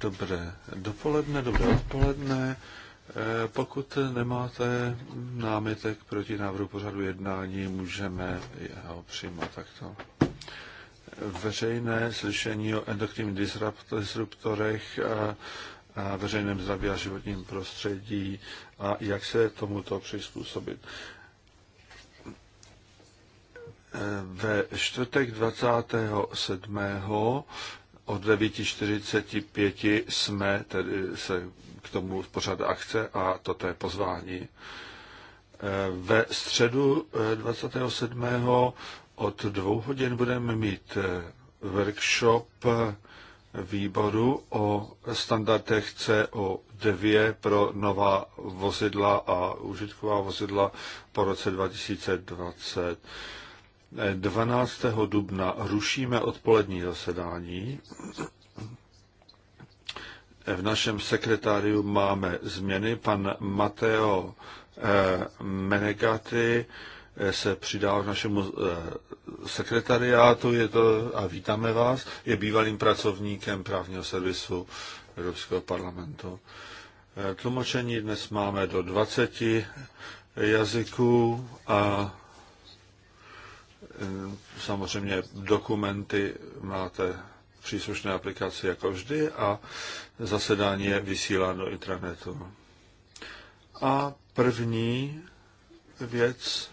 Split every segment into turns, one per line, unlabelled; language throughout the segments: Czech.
Dobré dopoledne, dobré odpoledne. Eh, pokud nemáte námitek proti návrhu pořadu jednání, můžeme ho přijmout takto. Veřejné slyšení o endokrinních disruptorech a, a veřejném zdraví a životním prostředí a jak se tomuto přizpůsobit. Eh, ve čtvrtek 27. od 9.45 jsme tedy se k tomu pořád akce a toto je pozvání. Eh, ve středu 27. Eh, od dvou hodin budeme mít workshop výboru o standardech co 2 pro nová vozidla a užitková vozidla po roce 2020. 12. dubna rušíme odpolední zasedání. V našem sekretáriu máme změny. Pan Mateo eh, Menegaty eh, se přidal k našemu eh, sekretariátu je to, a vítáme vás. Je bývalým pracovníkem právního servisu Evropského parlamentu. Tlumočení dnes máme do 20 jazyků a Eh, samozřejmě dokumenty máte v příslušné aplikaci jako vždy a zasedání je vysíláno do intranetu. A první věc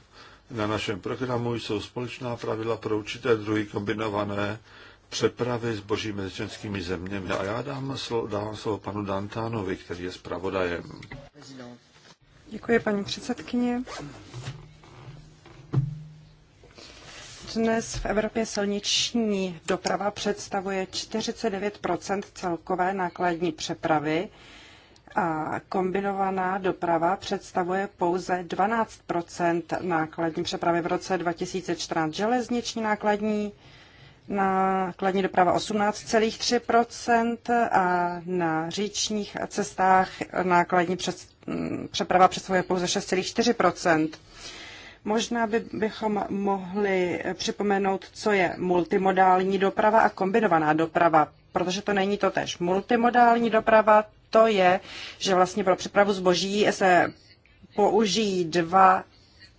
na našem programu jsou společná pravidla pro určité druhy kombinované přepravy zboží mezi českými zeměmi. A já dám slovo, dávám slovo panu Dantánovi, který je zpravodajem.
Děkuji, paní předsedkyně. Dnes v Evropě silniční doprava představuje 49 celkové nákladní přepravy a kombinovaná doprava představuje pouze 12 nákladní přepravy v roce 2014. Železniční nákladní nákladní doprava 18,3 a na říčních cestách nákladní přes, mm, přeprava představuje pouze 6,4 Možná by, bychom mohli připomenout, co je multimodální doprava a kombinovaná doprava, protože to není to tež. Multimodální doprava to je, že vlastně pro přepravu zboží se použijí dva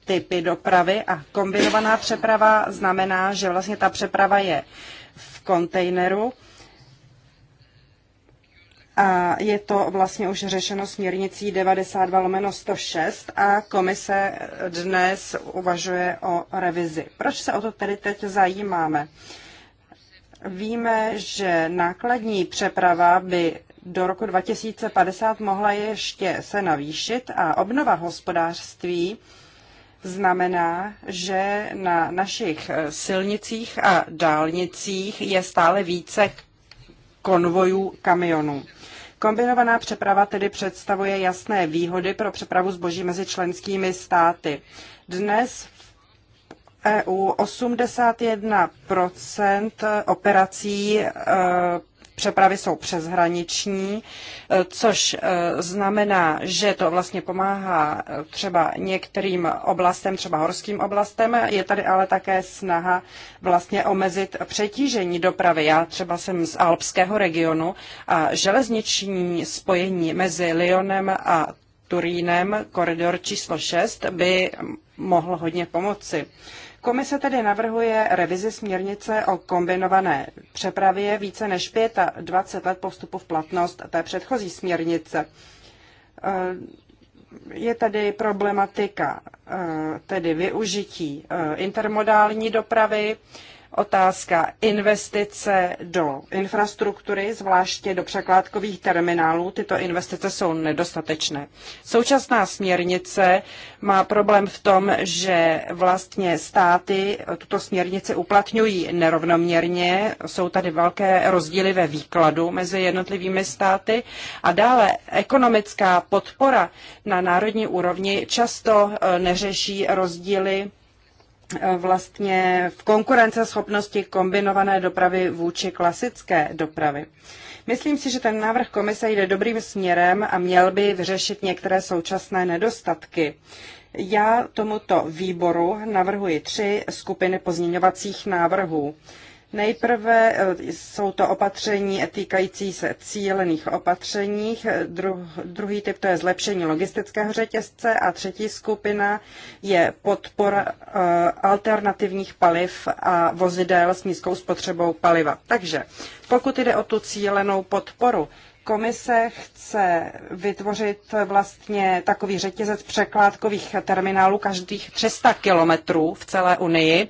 typy dopravy a kombinovaná přeprava znamená, že vlastně ta přeprava je v kontejneru a je to vlastně už řešeno směrnicí 92 lomeno 106 a komise dnes uvažuje o revizi. Proč se o to tedy teď zajímáme? Víme, že nákladní přeprava by do roku 2050 mohla ještě se navýšit a obnova hospodářství znamená, že na našich silnicích a dálnicích je stále více konvojů kamionů. Kombinovaná přeprava tedy představuje jasné výhody pro přepravu zboží mezi členskými státy. Dnes v EU 81 operací eh, přepravy jsou přeshraniční, eh, což eh, znamená, že to vlastně pomáhá eh, třeba některým oblastem, třeba horským oblastem. Je tady ale také snaha vlastně omezit přetížení dopravy. Já třeba jsem z alpského regionu a železniční spojení mezi Lyonem a Turínem, koridor číslo 6, by mohl hodně pomoci. Komise tedy navrhuje revizi směrnice o kombinované přepravě více než 25 let po vstupu v platnost té předchozí směrnice. Eh, je tady problematika eh, tedy využití eh, intermodální dopravy, Otázka investice do infrastruktury, zvláště do překládkových terminálů, tyto investice jsou nedostatečné. Současná směrnice má problém v tom, že vlastně státy tuto směrnici uplatňují nerovnoměrně, jsou tady velké rozdíly ve výkladu mezi jednotlivými státy a dále ekonomická podpora na národní úrovni často eh, neřeší rozdíly Eh, vlastně v konkurenceschopnosti kombinované dopravy vůči klasické dopravy. Myslím si, že ten návrh komise jde dobrým směrem a měl by vyřešit některé současné nedostatky. Já tomuto výboru navrhuji tři skupiny pozměňovacích návrhů. Nejprve eh, jsou to opatření týkající se cílených opatřeních, druhý typ to je zlepšení logistického řetězce a třetí skupina je podpora eh, alternativních paliv a vozidel s nízkou spotřebou paliva. Takže pokud jde o tu cílenou podporu, Komise chce vytvořit vlastně takový řetězec překládkových terminálů každých 300 kilometrů v celé Unii.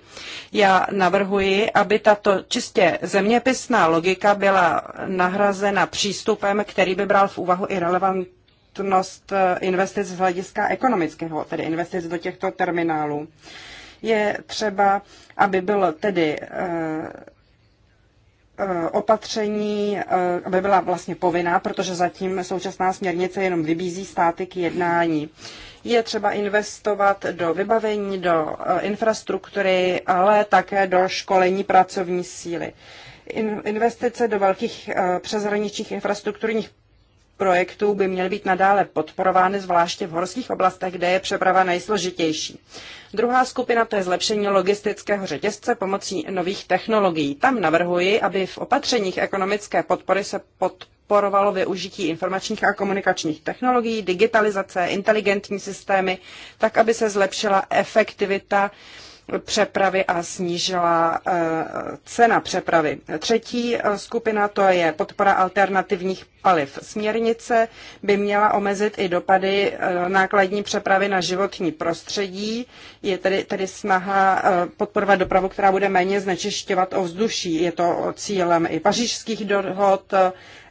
Já navrhuji, aby tato čistě zeměpisná logika byla nahrazena přístupem, který by bral v úvahu i relevantnost eh, investic z hlediska ekonomického, tedy investic do těchto terminálů. Je třeba, aby byl tedy eh, Eh, opatření, eh, aby byla vlastně povinná, protože zatím současná směrnice jenom vybízí státy k jednání. Je třeba investovat do vybavení, do eh, infrastruktury, ale také do školení pracovní síly. Investice do velkých přeshraničních infrastrukturních projektů by měly být nadále podporovány, zvláště v horských oblastech, kde je přeprava nejsložitější. Druhá skupina to je zlepšení logistického řetězce pomocí nových technologií. Tam navrhuji, aby v opatřeních ekonomické podpory se podporovalo využití informačních a komunikačních technologií, digitalizace, inteligentní systémy, tak aby se zlepšila efektivita přepravy a snížila eh, cena přepravy. Třetí eh, skupina to je podpora alternativních paliv. Směrnice by měla omezit i dopady eh, nákladní přepravy na životní prostředí. Je tedy, tedy snaha podporovat dopravu, která bude méně znečišťovat ovzduší. Je to cílem i pařížských dohod,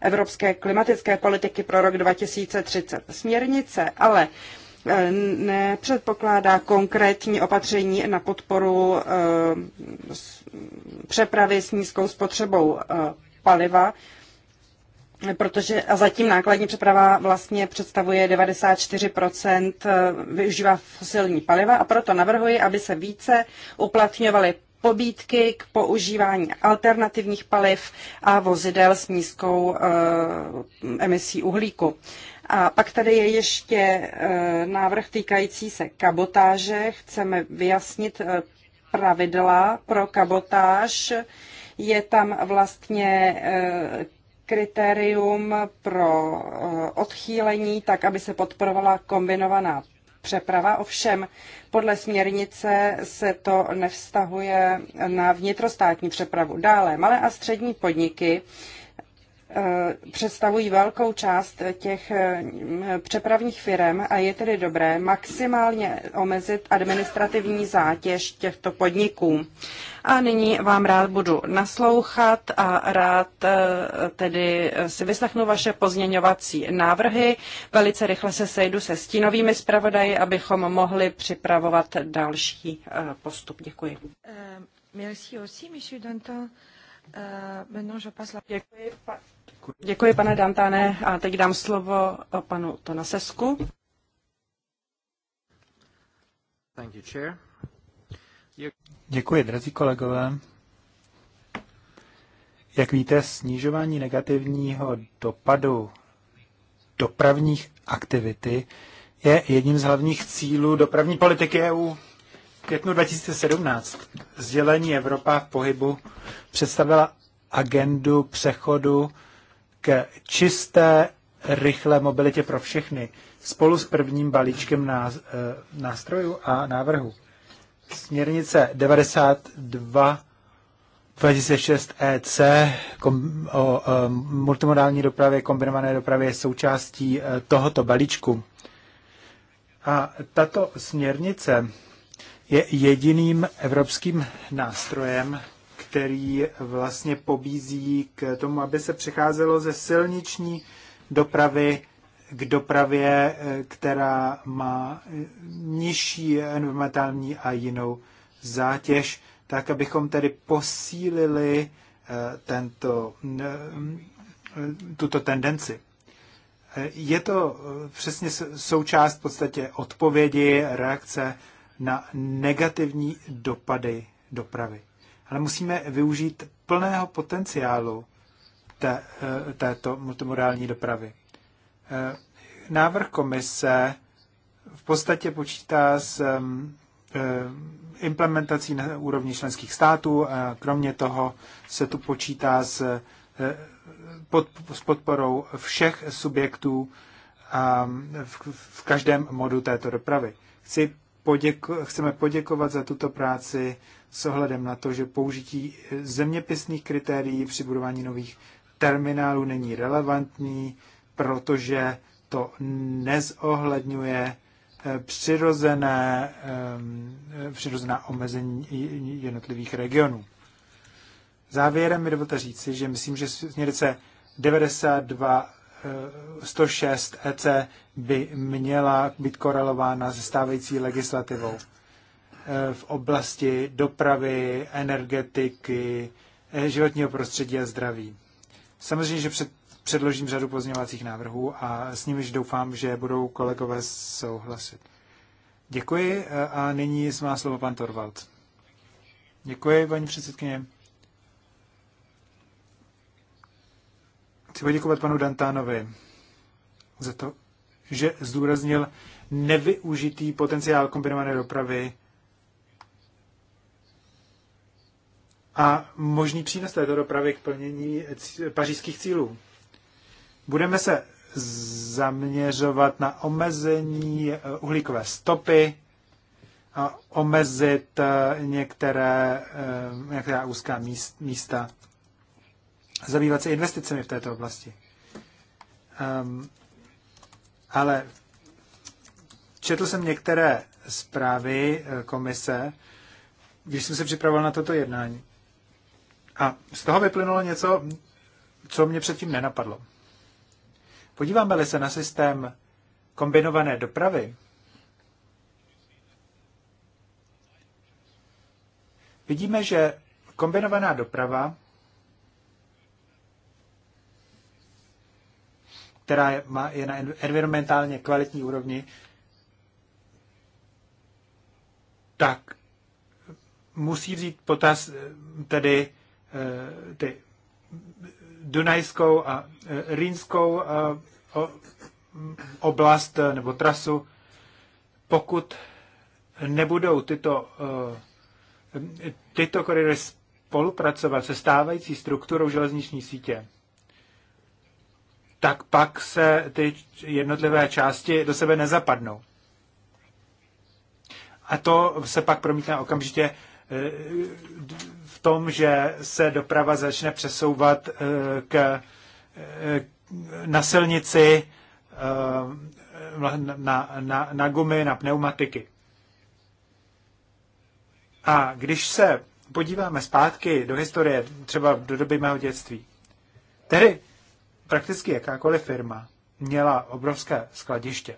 evropské klimatické politiky pro rok 2030. Směrnice ale Eh, nepředpokládá konkrétní opatření na podporu eh, přepravy s nízkou spotřebou eh, paliva, protože a zatím nákladní přeprava vlastně představuje 94% využívá fosilní paliva a proto navrhuji, aby se více uplatňovaly pobídky k používání alternativních paliv a vozidel s nízkou uh, emisí uhlíku. A pak tady je ještě e, návrh týkající se kabotáže. Chceme vyjasnit e, pravidla pro kabotáž. Je tam vlastně e, kritérium pro odchýlení, tak aby se podporovala kombinovaná přeprava. Ovšem, podle směrnice se to nevztahuje na vnitrostátní přepravu. Dále, malé a střední podniky Eh, představují velkou část těch eh, přepravních firm a je tedy dobré maximálně omezit administrativní zátěž těchto podniků. A nyní vám rád budu naslouchat a rád eh, tedy si vyslechnu vaše pozměňovací návrhy. Velice rychle se sejdu se stínovými zpravodaji, abychom mohli připravovat další postup. Děkuji. Merci aussi, monsieur Danton. Děkuji, pa... Děkuji. pane Dantane. A teď dám slovo panu Tonasesku. Thank you, chair.
Děkuji, drazí kolegové. Jak víte, snižování negativního dopadu dopravních aktivity je jedním z hlavních cílů dopravní politiky EU. V květnu 2017 sdělení Evropa v pohybu představila agendu přechodu k čisté, rychlé mobilitě pro všechny spolu s prvním balíčkem e, nástrojů a návrhu. Směrnice 92 2006 EC kom, o o e, multimodální dopravě, kombinované dopravě je součástí e, tohoto balíčku. A tato směrnice je jediným evropským nástrojem, který vlastně pobízí k tomu, aby se přecházelo ze silniční dopravy k dopravě, eh, která má eh, nižší environmentální a jinou zátěž, tak abychom tedy posílili eh, tento, tuto tendenci. Je to přesně součást v podstatě odpovědi, reakce na negativní dopady dopravy ale musíme využít plného potenciálu té, eh, této multimodální dopravy. Eh, návrh komise v podstatě počítá s eh, implementací na úrovni členských států a kromě toho se tu počítá s, pod, s podporou všech subjektů a v, v každém modu této dopravy. Chci poděko, chceme poděkovat za tuto práci s ohledem na to, že použití zeměpisných kritérií při budování nových terminálů není relevantní, protože to nezohledňuje eh, přirozené, eh, přirozená omezení jednotlivých regionů. Závěrem mi dovolte říci, že myslím, že směrnice 92 106 EC by měla být korelována se stávající legislativou. Eh, v oblasti dopravy, energetiky, eh, životního prostředí a zdraví. Samozřejmě, že před, předložím řadu pozměňovacích návrhů a s nimiž doufám, že budou kolegové souhlasit. Děkuji eh, a nyní má slovo pan Torvald. Děkuji, paní předsedkyně. Chci poděkovat panu Dantánovi za to, že zdůraznil nevyužitý potenciál kombinované dopravy a možný přínos této dopravy k plnění pařížských cílů. Budeme se zaměřovat na omezení eh, uhlíkové stopy a omezit eh, některé, eh, některá úzká místa. Zabývat se investicemi v této oblasti. Um, ale četl jsem některé zprávy komise, když jsem se připravoval na toto jednání. A z toho vyplynulo něco, co mě předtím nenapadlo. Podíváme-li se na systém kombinované dopravy, vidíme, že kombinovaná doprava, která je na environmentálně kvalitní úrovni, tak musí vzít potaz eh, tedy Eh, ty Dunajskou a eh, Rýnskou eh, oblast nebo trasu, pokud nebudou tyto, tyto koridory spolupracovat se stávající strukturou železniční sítě, tak pak se ty jednotlivé části do sebe nezapadnou. A to se pak promítne okamžitě Eh, v tom, že se doprava začne přesouvat eh, k, eh, na silnici, na, na, na gumy, na pneumatiky. A když se podíváme zpátky do historie, třeba do doby mého dětství, tedy prakticky jakákoliv firma měla obrovské skladiště.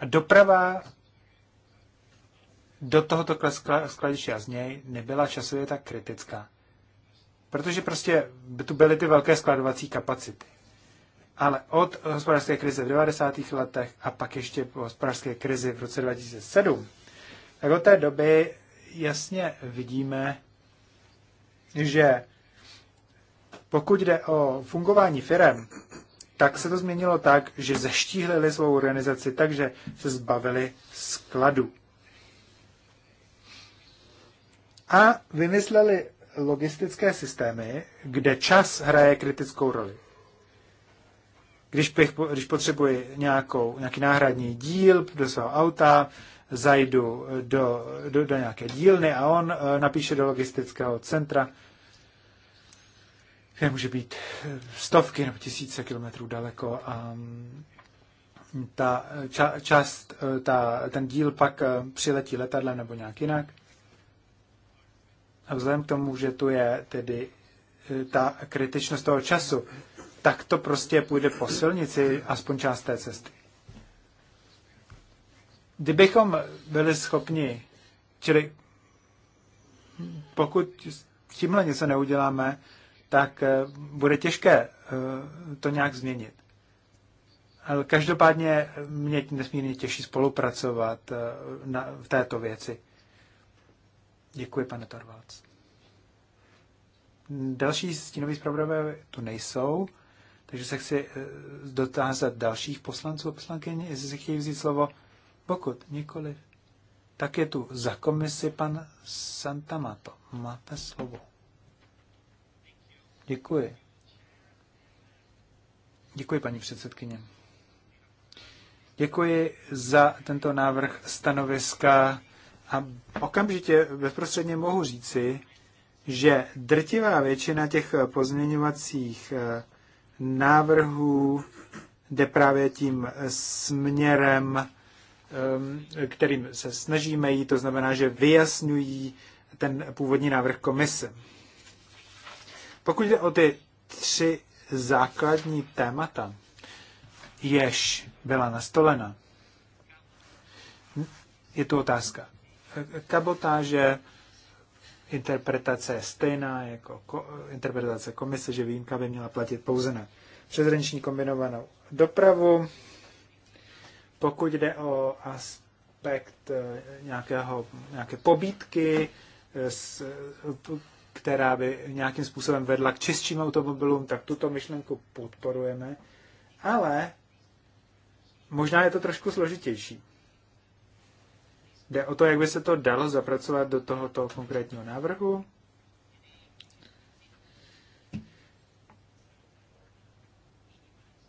A doprava do tohoto skladiště a z něj nebyla časově tak kritická. Protože prostě by tu byly ty velké skladovací kapacity. Ale od hospodářské krize v 90. letech a pak ještě po hospodářské krizi v roce 2007, tak od té doby jasně vidíme, že pokud jde o fungování firem, tak se to změnilo tak, že zeštíhlili svou organizaci, takže se zbavili skladu. a vymysleli logistické systémy, kde čas hraje kritickou roli. Když, bych, když potřebuji nějakou, nějaký náhradní díl do svého auta, zajdu do, do, do nějaké dílny a on eh, napíše do logistického centra, které může být eh, stovky nebo tisíce kilometrů daleko a mm, ta eh, ča, část, ta, ten díl pak přiletí letadlem nebo nějak jinak vzhledem k tomu, že tu je tedy e, ta kritičnost toho času, tak to prostě půjde po silnici, aspoň část té cesty. Kdybychom byli schopni, čili pokud s tímhle něco neuděláme, tak e, bude těžké e, to nějak změnit. Ale každopádně mě nesmírně těší spolupracovat na, v této věci. Děkuji, pane Torvalds. Další stínoví zpravodajové tu nejsou, takže se chci eh, dotázat dalších poslanců a poslankyně, jestli si chtějí vzít slovo. Pokud nikoliv, tak je tu za komisi pan Santamato. Máte slovo. Děkuji. Děkuji, paní předsedkyně. Děkuji za tento návrh stanoviska a okamžitě bezprostředně mohu říci, že drtivá většina těch pozměňovacích eh, návrhů jde právě tím směrem, ehm, kterým se snažíme jít, to znamená, že vyjasňují ten původní návrh komise. Pokud jde o ty tři základní témata, jež byla nastolena, je tu otázka kabotáže, interpretace je stejná jako ko, interpretace komise, že výjimka by měla platit pouze na přezrenční kombinovanou dopravu. Pokud jde o aspekt eh, nějakého, nějaké pobítky, eh, s, která by nějakým způsobem vedla k čistším automobilům, tak tuto myšlenku podporujeme. Ale možná je to trošku složitější. Jde o to, jak by se to dalo zapracovat do tohoto konkrétního návrhu.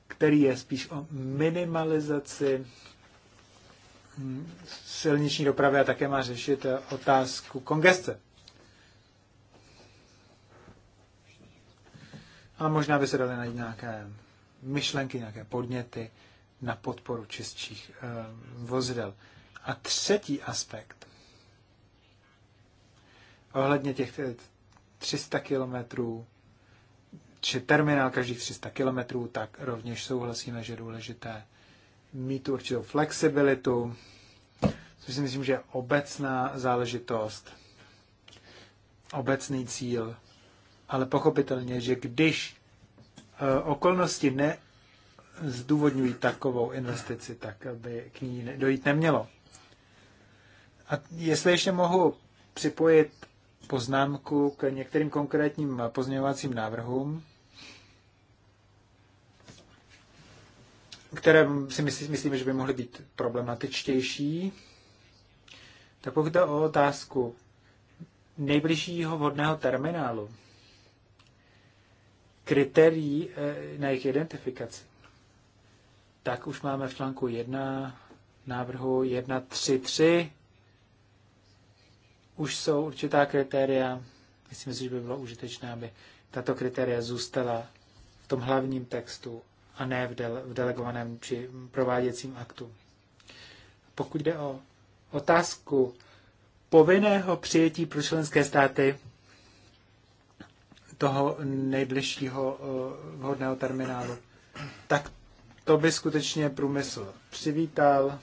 který je spíš o minimalizaci hm, silniční dopravy a také má řešit eh, otázku kongestce. Ale možná by se daly najít nějaké myšlenky, nějaké podněty na podporu čistších eh, vozidel. A třetí aspekt, ohledně těch 300 kilometrů, či terminál každých 300 kilometrů, tak rovněž souhlasíme, že je důležité mít určitou flexibilitu, což si myslím, že je obecná záležitost, obecný cíl, ale pochopitelně, že když e, okolnosti ne zdůvodňují takovou investici, tak by k ní dojít nemělo. A jestli ještě mohu připojit poznámku k některým konkrétním pozměňovacím návrhům, které si myslí, myslíme, že by mohly být problematičtější. Tak pokud jde o otázku nejbližšího vhodného terminálu, kritérií eh, na jejich identifikaci, tak už máme v článku 1 návrhu 1.3.3 už jsou určitá kritéria. Myslím si, že by bylo užitečné, aby tato kritéria zůstala v tom hlavním textu a ne v, dele, v delegovaném či prováděcím aktu. Pokud jde o otázku povinného přijetí pro členské státy toho nejbližšího eh, vhodného terminálu, tak to by skutečně průmysl přivítal.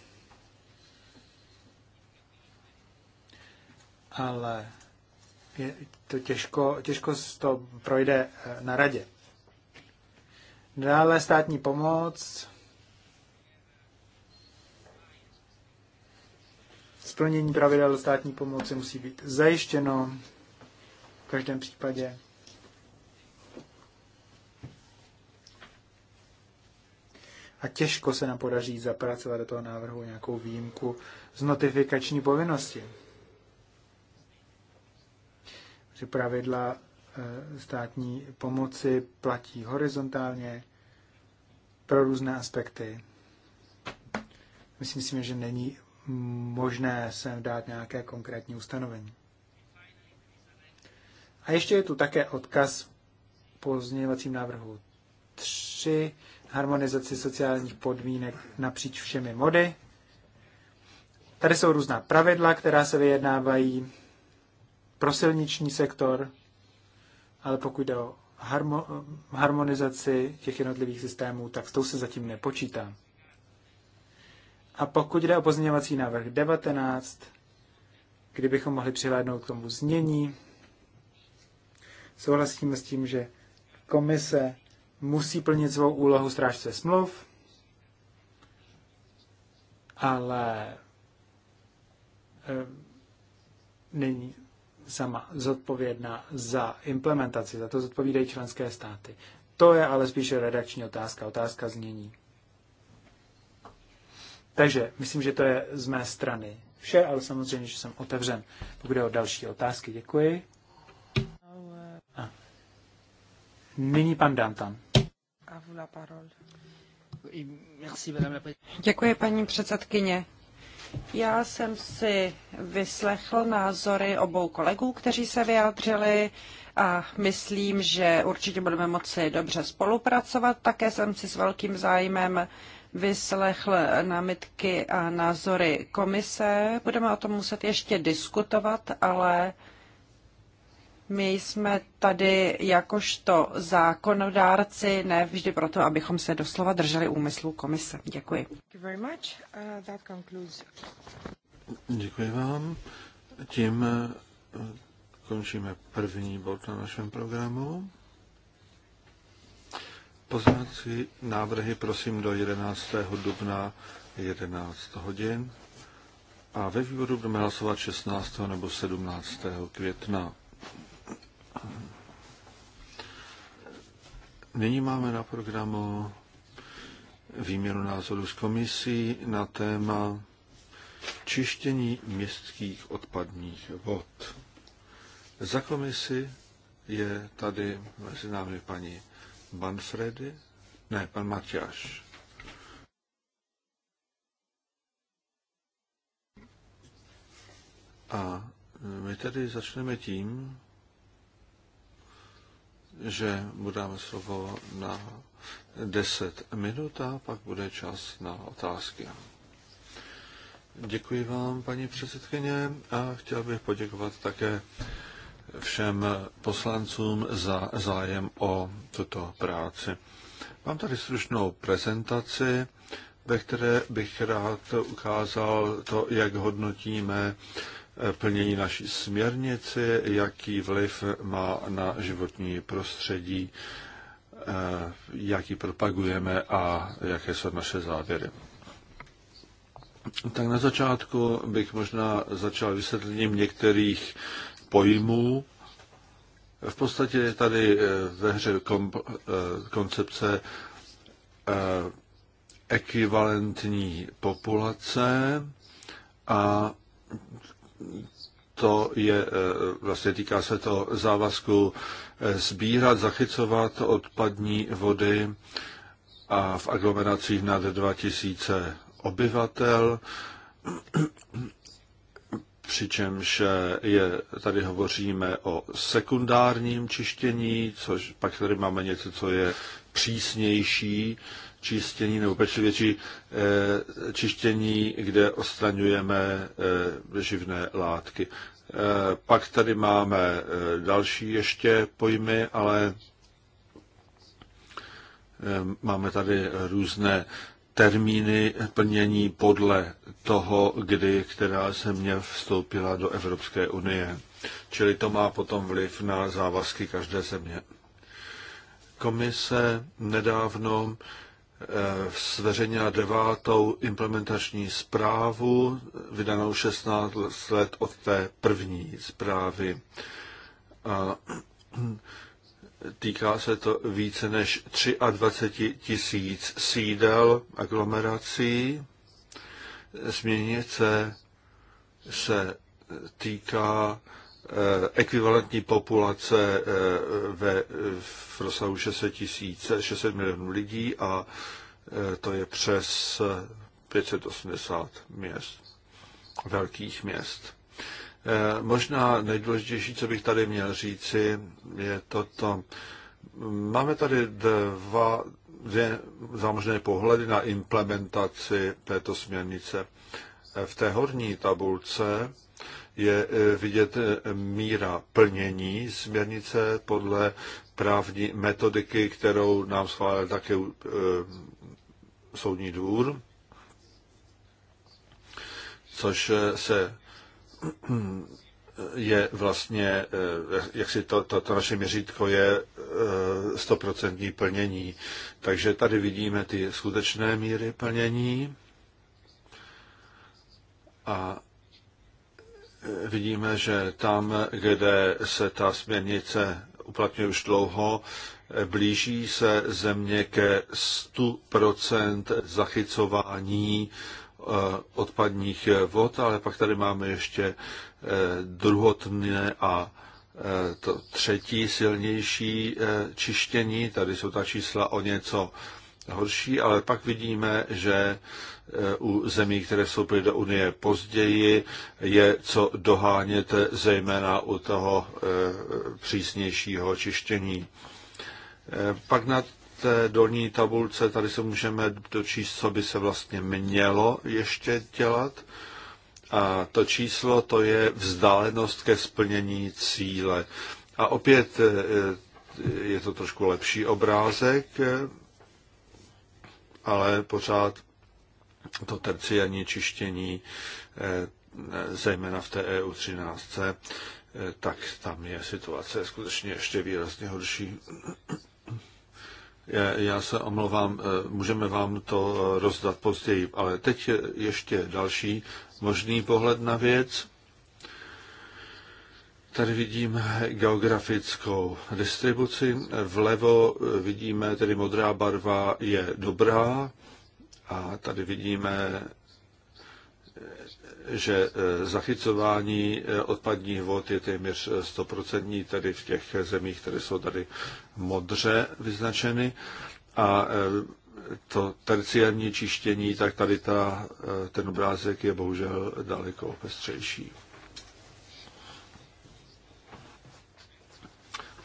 ale je to těžko, těžko to projde eh, na radě. Dále státní pomoc, splnění pravidel státní pomoci musí být zajištěno v každém případě. A těžko se nám podaří zapracovat do toho návrhu nějakou výjimku z notifikační povinnosti že pravidla eh, státní pomoci platí horizontálně pro různé aspekty. Myslím si, že není možné sem dát nějaké konkrétní ustanovení. A ještě je tu také odkaz pozměňovacím návrhu 3, harmonizaci sociálních podmínek napříč všemi mody. Tady jsou různá pravidla, která se vyjednávají pro silniční sektor, ale pokud jde o harmonizaci těch jednotlivých systémů, tak s tou se zatím nepočítá. A pokud jde o pozměňovací návrh 19, kdybychom mohli přihlédnout k tomu znění, souhlasíme s tím, že komise musí plnit svou úlohu strážce smluv, ale eh, není sama zodpovědná za implementaci, za to zodpovídají členské státy. To je ale spíše redakční otázka, otázka změní. Takže myslím, že to je z mé strany vše, ale samozřejmě, že jsem otevřen. Pokud je o další otázky, děkuji.
A. Nyní pan Dantan. Děkuji, paní předsedkyně. Já jsem si vyslechl názory obou kolegů, kteří se vyjádřili a myslím, že určitě budeme moci dobře spolupracovat. Také jsem si s velkým zájmem vyslechl námitky a názory komise. Budeme o tom muset ještě diskutovat, ale my jsme tady jakožto zákonodárci, ne vždy proto, abychom se doslova drželi úmyslů komise. Děkuji. Uh, Děkuji vám. Tím uh, končíme první bod
na našem programu. Poznáci návrhy prosím do 11. dubna 11 hodin a ve výboru budeme hlasovat 16. nebo 17. května. Nyní máme na programu výměnu názoru s komisí na téma čištění městských odpadních vod. Za komisi je tady mezi námi paní Banfredy, ne, pan Matiáš. A my tedy začneme tím, že mu dáme slovo na 10 minut a pak bude čas na otázky. Děkuji vám, paní předsedkyně, a chtěl bych poděkovat také všem poslancům za zájem o tuto práci. Mám tady stručnou prezentaci, ve které bych rád ukázal to, jak hodnotíme plnění naší směrnice, jaký vliv má na životní prostředí, eh, jaký propagujeme a jaké jsou naše závěry. Tak na začátku bych možná začal vysvětlením některých pojmů. V podstatě je tady eh, ve hře eh, koncepce ekvivalentní populace a to je, eh, vlastně týká se to závazku eh, sbírat, zachycovat odpadní vody a v aglomeracích nad 2000 obyvatel, přičemž eh, je, tady hovoříme o sekundárním čištění, což pak tady máme něco, co je přísnější, čištění nebo pečlivější eh, čištění, kde odstraňujeme eh, živné látky. Eh, pak tady máme další ještě pojmy, ale máme tady různé termíny plnění podle toho, kdy která země vstoupila do Evropské unie. Čili to má potom vliv na závazky každé země. Komise nedávno eh, Eh, zveřejnila devátou implementační zprávu, vydanou 16 let od té první zprávy. A týká se to více než 23 tisíc sídel, aglomerací. Změnice se týká Eh, ekvivalentní populace eh, ve, v rozsahu 600 tisíce, 600 milionů lidí a eh, to je přes 580 měst, velkých měst. Možná nejdůležitější, co bych tady měl říci, je toto. Máme tady dva, dvě zámožné pohledy na implementaci této směrnice. V té horní tabulce je eh, vidět eh, míra plnění směrnice podle právní metodiky, kterou nám schválil také eh, soudní dvůr, což se je vlastně, jak si to, to, to naše měřítko je stoprocentní plnění. Takže tady vidíme ty skutečné míry plnění a vidíme, že tam, kde se ta směrnice uplatňuje už dlouho, blíží se země ke 100% zachycování eh, odpadních vod, ale pak tady máme ještě eh, druhotné a eh, to třetí silnější čištění. Tady jsou ta čísla o něco horší, ale pak vidíme, že eh, u zemí, které vstoupily do Unie později, je co dohánět zejména u toho eh, přísnějšího čištění. Eh, pak na té dolní tabulce, tady se můžeme dočíst, co by se vlastně mělo ještě dělat. A to číslo to je vzdálenost ke splnění cíle. A opět je to trošku lepší obrázek, ale pořád to terciární čištění, eh, zejména v té EU 13, eh, tak tam je situace skutečně ještě výrazně horší. Já se omlouvám, eh, můžeme vám to rozdat později, ale teď ještě další možný pohled na věc. Tady vidíme geografickou distribuci. Vlevo eh, vidíme, tedy modrá barva je dobrá a tady vidíme, eh, že eh, zachycování odpadních vod je téměř 100%, tedy v těch zemích, které jsou tady modře vyznačeny. A to terciární čištění, tak tady ta, ten obrázek je bohužel daleko pestřejší.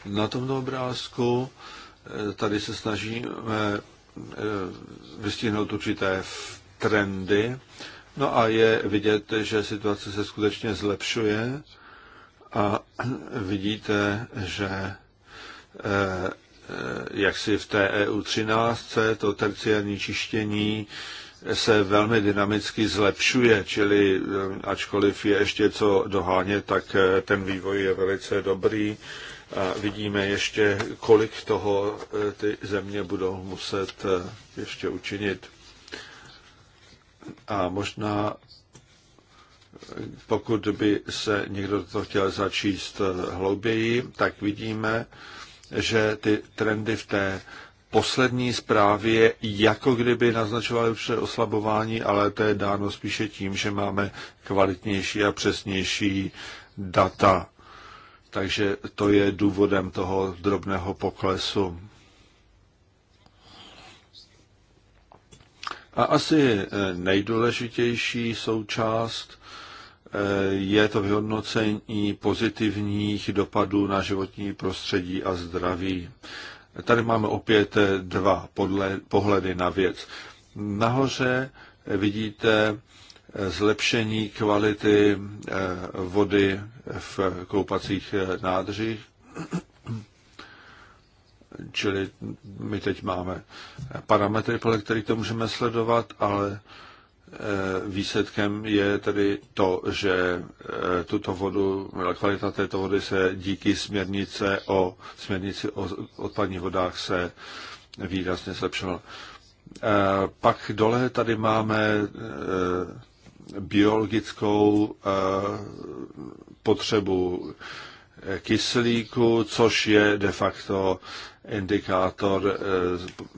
Na tomto obrázku eh, tady se snažíme eh, vystihnout určité trendy. No a je vidět, že situace se skutečně zlepšuje a vidíte, že eh, jak si v té EU 13 to terciární čištění se velmi dynamicky zlepšuje, čili ačkoliv je ještě co dohánět, tak ten vývoj je velice dobrý a vidíme ještě, kolik toho e, ty země budou muset e, ještě učinit. A možná, e, pokud by se někdo to chtěl začíst hlouběji, tak vidíme, že ty trendy v té poslední zprávě jako kdyby naznačovaly vše oslabování, ale to je dáno spíše tím, že máme kvalitnější a přesnější data takže to je důvodem toho drobného poklesu. A asi nejdůležitější součást eh, je to vyhodnocení pozitivních dopadů na životní prostředí a zdraví. Tady máme opět dva pohledy na věc. Nahoře vidíte zlepšení kvality eh, vody v koupacích eh, nádržích. Čili my teď máme eh, parametry, podle kterých to můžeme sledovat, ale výsledkem je tedy to, že tuto vodu, kvalita této vody se díky směrnice o, směrnici o odpadních vodách se výrazně zlepšila. Pak dole tady máme biologickou eh, potřebu kyslíku, což je de facto indikátor eh,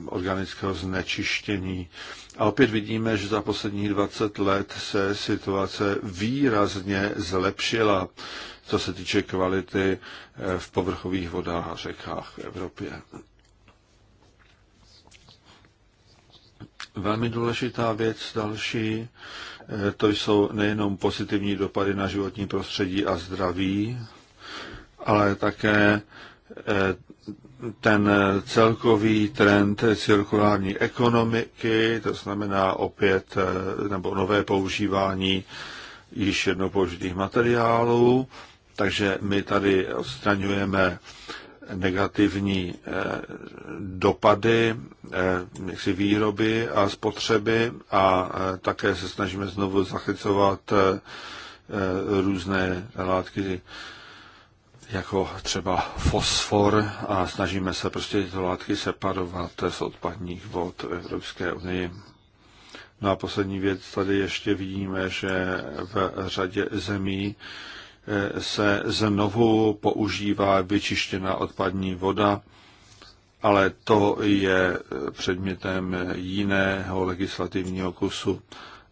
organického znečištění. A opět vidíme, že za posledních 20 let se situace výrazně zlepšila, co se týče kvality eh, v povrchových vodách a řekách v Evropě. Velmi důležitá věc další to jsou nejenom pozitivní dopady na životní prostředí a zdraví, ale také eh, ten celkový trend cirkulární ekonomiky, to znamená opět eh, nebo nové používání již jednopoužitých použitých materiálů, takže my tady odstraňujeme negativní eh, dopady eh, jaksi výroby a spotřeby a eh, také se snažíme znovu zachycovat různé látky jako třeba fosfor a snažíme se prostě tyto látky separovat z odpadních vod v Evropské unii. No a poslední věc, tady ještě vidíme, že v řadě zemí se znovu používá vyčištěná odpadní voda, ale to je předmětem jiného legislativního kusu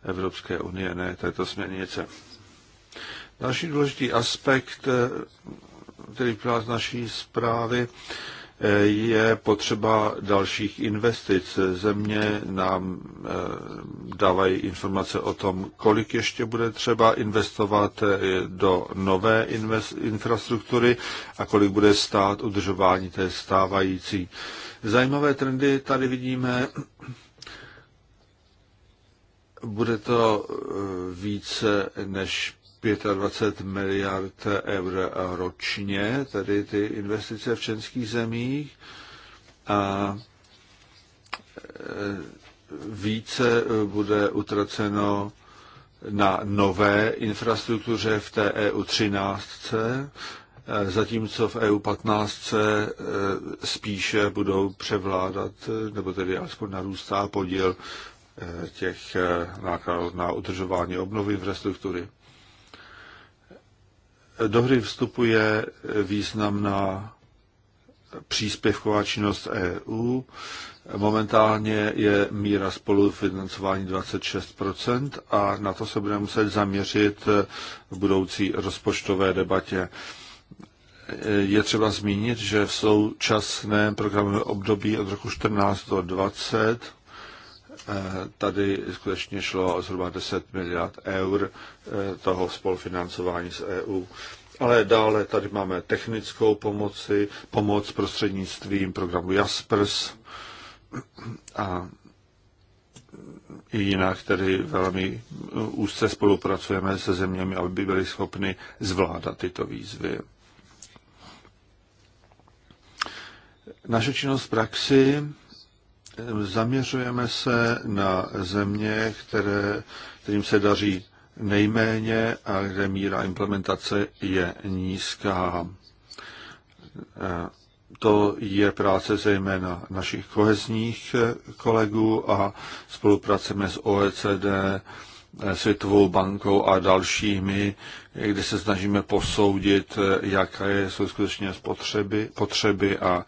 Evropské unie, ne této směrnice. Další důležitý aspekt, eh, který vyplývá z naší zprávy, je potřeba dalších investic. Země nám eh, dávají informace o tom, kolik ještě bude třeba investovat eh, do nové infrastruktury a kolik bude stát udržování té stávající. Zajímavé trendy tady vidíme. Bude to eh, více než 25 miliard eur ročně, tedy ty investice v českých zemích. A e, více bude utraceno na nové infrastruktuře v té EU 13, e, zatímco v EU 15 e, spíše budou převládat, nebo tedy alespoň narůstá podíl těch nákladů na udržování obnovy infrastruktury. Do hry vstupuje významná příspěvková činnost EU. Momentálně je míra spolufinancování 26% a na to se budeme muset zaměřit v budoucí rozpočtové debatě. Je třeba zmínit, že v současném programovém období od roku 14 do 20 Eh, tady skutečně šlo o zhruba 10 miliard eur eh, toho spolufinancování z EU. Ale dále tady máme technickou pomoci, pomoc prostřednictvím programu Jaspers a jinak tedy velmi eh, úzce spolupracujeme se zeměmi, aby byli schopni zvládat tyto výzvy. Naše činnost v praxi Zaměřujeme se na země, které, kterým se daří nejméně a kde míra implementace je nízká. To je práce zejména našich kohezních kolegů a spolupracujeme s OECD, Světovou bankou a dalšími, kde se snažíme posoudit, jaké jsou skutečně spotřeby, potřeby a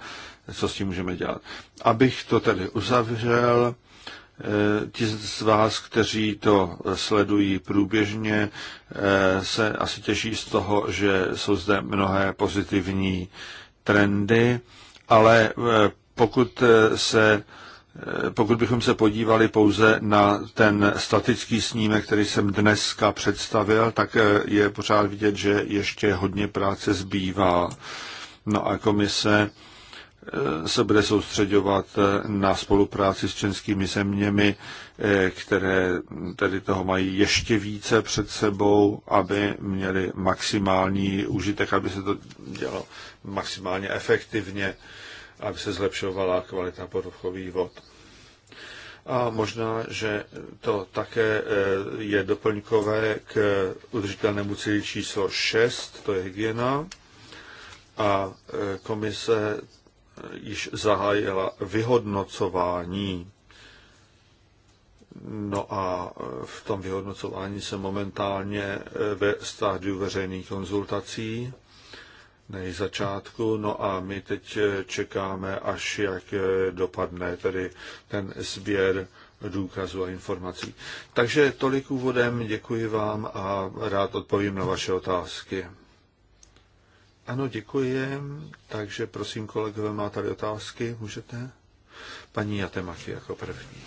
co s tím můžeme dělat. Abych to tedy uzavřel, eh, ti z vás, kteří to sledují průběžně, eh, se asi těší z toho, že jsou zde mnohé pozitivní trendy, ale eh, pokud se pokud bychom se podívali pouze na ten statický snímek, který jsem dneska představil, tak je pořád vidět, že ještě hodně práce zbývá. No a komise se bude soustředovat eh, na spolupráci s českými zeměmi, eh, které tedy toho mají ještě více před sebou, aby měli maximální užitek, aby se to dělo maximálně efektivně, aby se zlepšovala kvalita povrchových vod. A možná, že to také eh, je doplňkové k udržitelnému cíli číslo 6, to je hygiena. A komise již zahájila vyhodnocování. No a v tom vyhodnocování se momentálně eh, ve stádiu veřejných konzultací na její začátku. No a my teď eh, čekáme, až jak eh, dopadne tedy ten sběr důkazů a informací. Takže tolik úvodem, děkuji vám a rád odpovím na vaše otázky. Ano, děkuji. Takže prosím, kolegové, má tady otázky? Můžete? Paní Jatemachy jako první.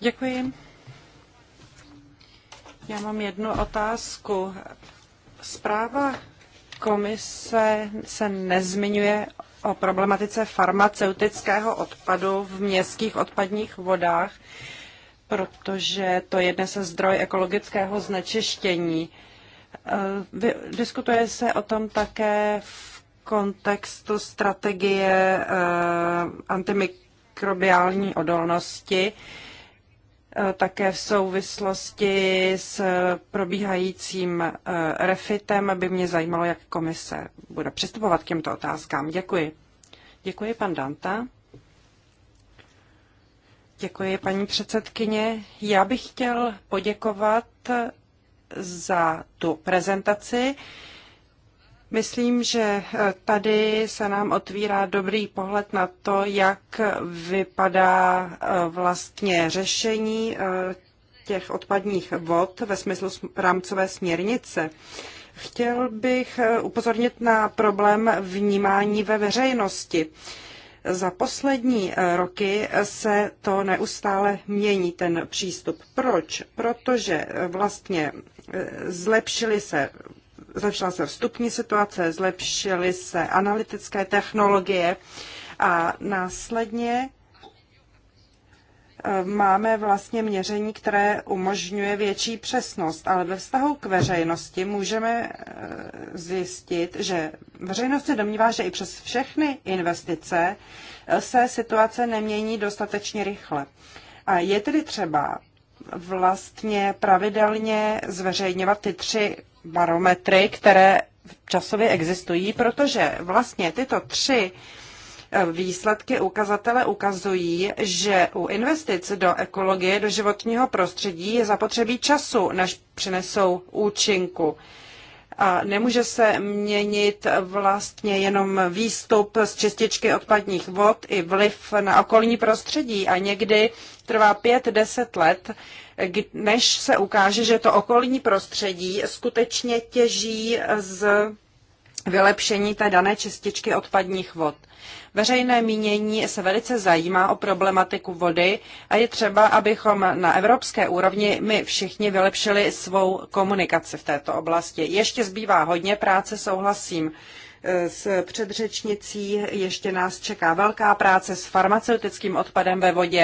Děkuji. Já mám jednu otázku. Zpráva komise se nezmiňuje o problematice farmaceutického odpadu v městských odpadních vodách, protože to je dnes zdroj ekologického znečištění. Eh, diskutuje se o tom také v kontextu strategie eh, antimikrobiální odolnosti, eh, také v souvislosti s probíhajícím refitem Aby mě zajímalo, jak komise bude přistupovat k těmto otázkám. Děkuji. Děkuji, pan Danta. Děkuji, paní předsedkyně. Já bych chtěl poděkovat za tu prezentaci. Myslím, že eh, tady se nám otvírá dobrý pohled na to, jak vypadá eh, vlastně řešení eh, těch odpadních vod ve smyslu rámcové směrnice. Chtěl bych upozornit na problém vnímání ve veřejnosti. Za poslední roky se to neustále mění, ten přístup. Proč? Protože vlastně zlepšily se zlepšila se vstupní situace, zlepšily se analytické technologie a následně eh, máme vlastně měření, které umožňuje větší přesnost, ale ve vztahu k veřejnosti můžeme eh, zjistit, že veřejnost se domnívá, že i přes všechny investice eh, se situace nemění dostatečně rychle. A je tedy třeba vlastně pravidelně zveřejňovat ty tři barometry, které časově existují, protože vlastně tyto tři eh, výsledky ukazatele ukazují, že u investic do ekologie, do životního prostředí je zapotřebí času, než přinesou účinku a nemůže se měnit vlastně jenom výstup z čističky odpadních vod i vliv na okolní prostředí a někdy trvá 5-10 let, než se ukáže, že to okolní prostředí skutečně těží z vylepšení té dané čističky odpadních vod. Veřejné mínění se velice zajímá o problematiku vody a je třeba, abychom na evropské úrovni my všichni vylepšili svou komunikaci v této oblasti. Ještě zbývá hodně práce, souhlasím e, s předřečnicí. Ještě nás čeká velká práce s farmaceutickým odpadem ve vodě.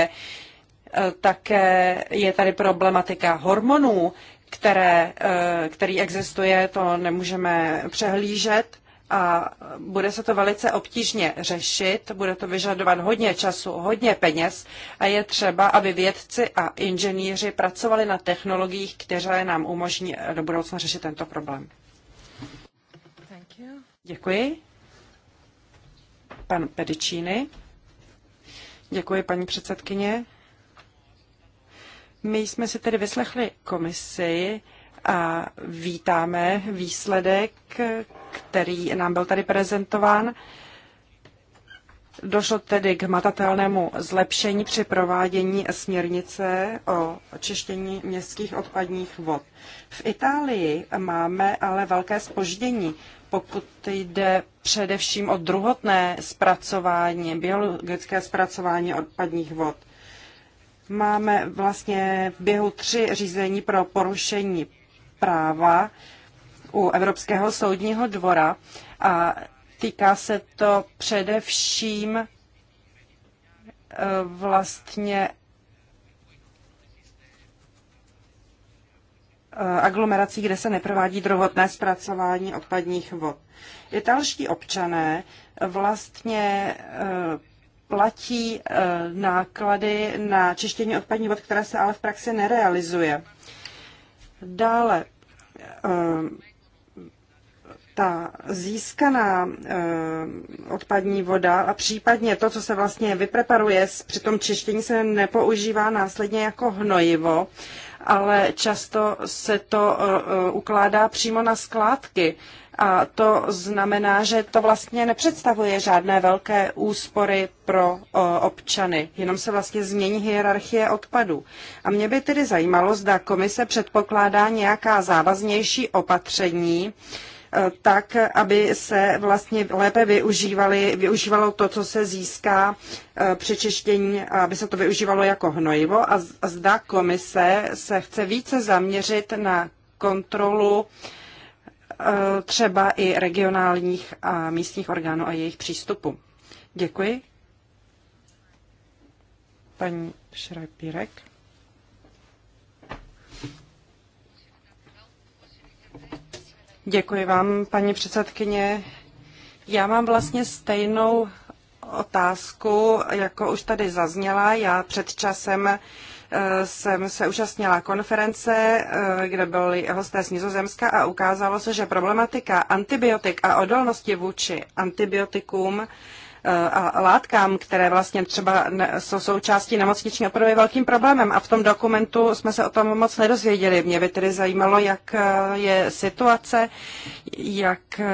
E, také je tady problematika hormonů, které, e, který existuje, to nemůžeme přehlížet a bude se to velice obtížně řešit, bude to vyžadovat hodně času, hodně peněz a je třeba, aby vědci a inženýři pracovali na technologiích, které nám umožní do budoucna řešit tento problém. Děkuji. Pan Pedicini. Děkuji, paní předsedkyně. My jsme si tedy vyslechli komisi a vítáme výsledek, který nám byl tady prezentován. Došlo tedy k matatelnému zlepšení při provádění směrnice o čištění městských odpadních vod. V Itálii máme ale velké spoždění, pokud jde především o druhotné zpracování, biologické zpracování odpadních vod. Máme vlastně v běhu tři řízení pro porušení práva u Evropského soudního dvora a týká se to především eh, vlastně eh, aglomerací, kde se neprovádí druhotné zpracování odpadních vod. Italští občané vlastně eh, platí náklady na čištění odpadních vod, které se ale v praxi nerealizuje. Dále ta získaná eh, odpadní voda a případně to, co se vlastně vypreparuje při tom čištění, se nepoužívá následně jako hnojivo, ale často se to eh, eh, ukládá přímo na skládky. A to znamená, že to vlastně nepředstavuje žádné velké úspory pro občany, jenom se vlastně změní hierarchie odpadů. A mě by tedy zajímalo, zda komise předpokládá nějaká závaznější opatření, tak, aby se vlastně lépe využívali, využívalo to, co se získá eh, při čištění, aby se to využívalo jako hnojivo a zda komise se chce více zaměřit na kontrolu eh, třeba i regionálních a místních orgánů a jejich přístupu. Děkuji. Paní Šrapírek. Děkuji vám, paní předsedkyně. Já mám vlastně stejnou otázku, jako už tady zazněla. Já před časem eh, jsem se účastnila konference, eh, kde byli hosté z Nizozemska a ukázalo se, že problematika antibiotik a odolnosti vůči antibiotikům a látkám, které vlastně třeba jsou součástí nemocniční opravy velkým problémem. A v tom dokumentu jsme se o tom moc nedozvěděli. Mě by tedy zajímalo, jak eh, je situace, jak eh,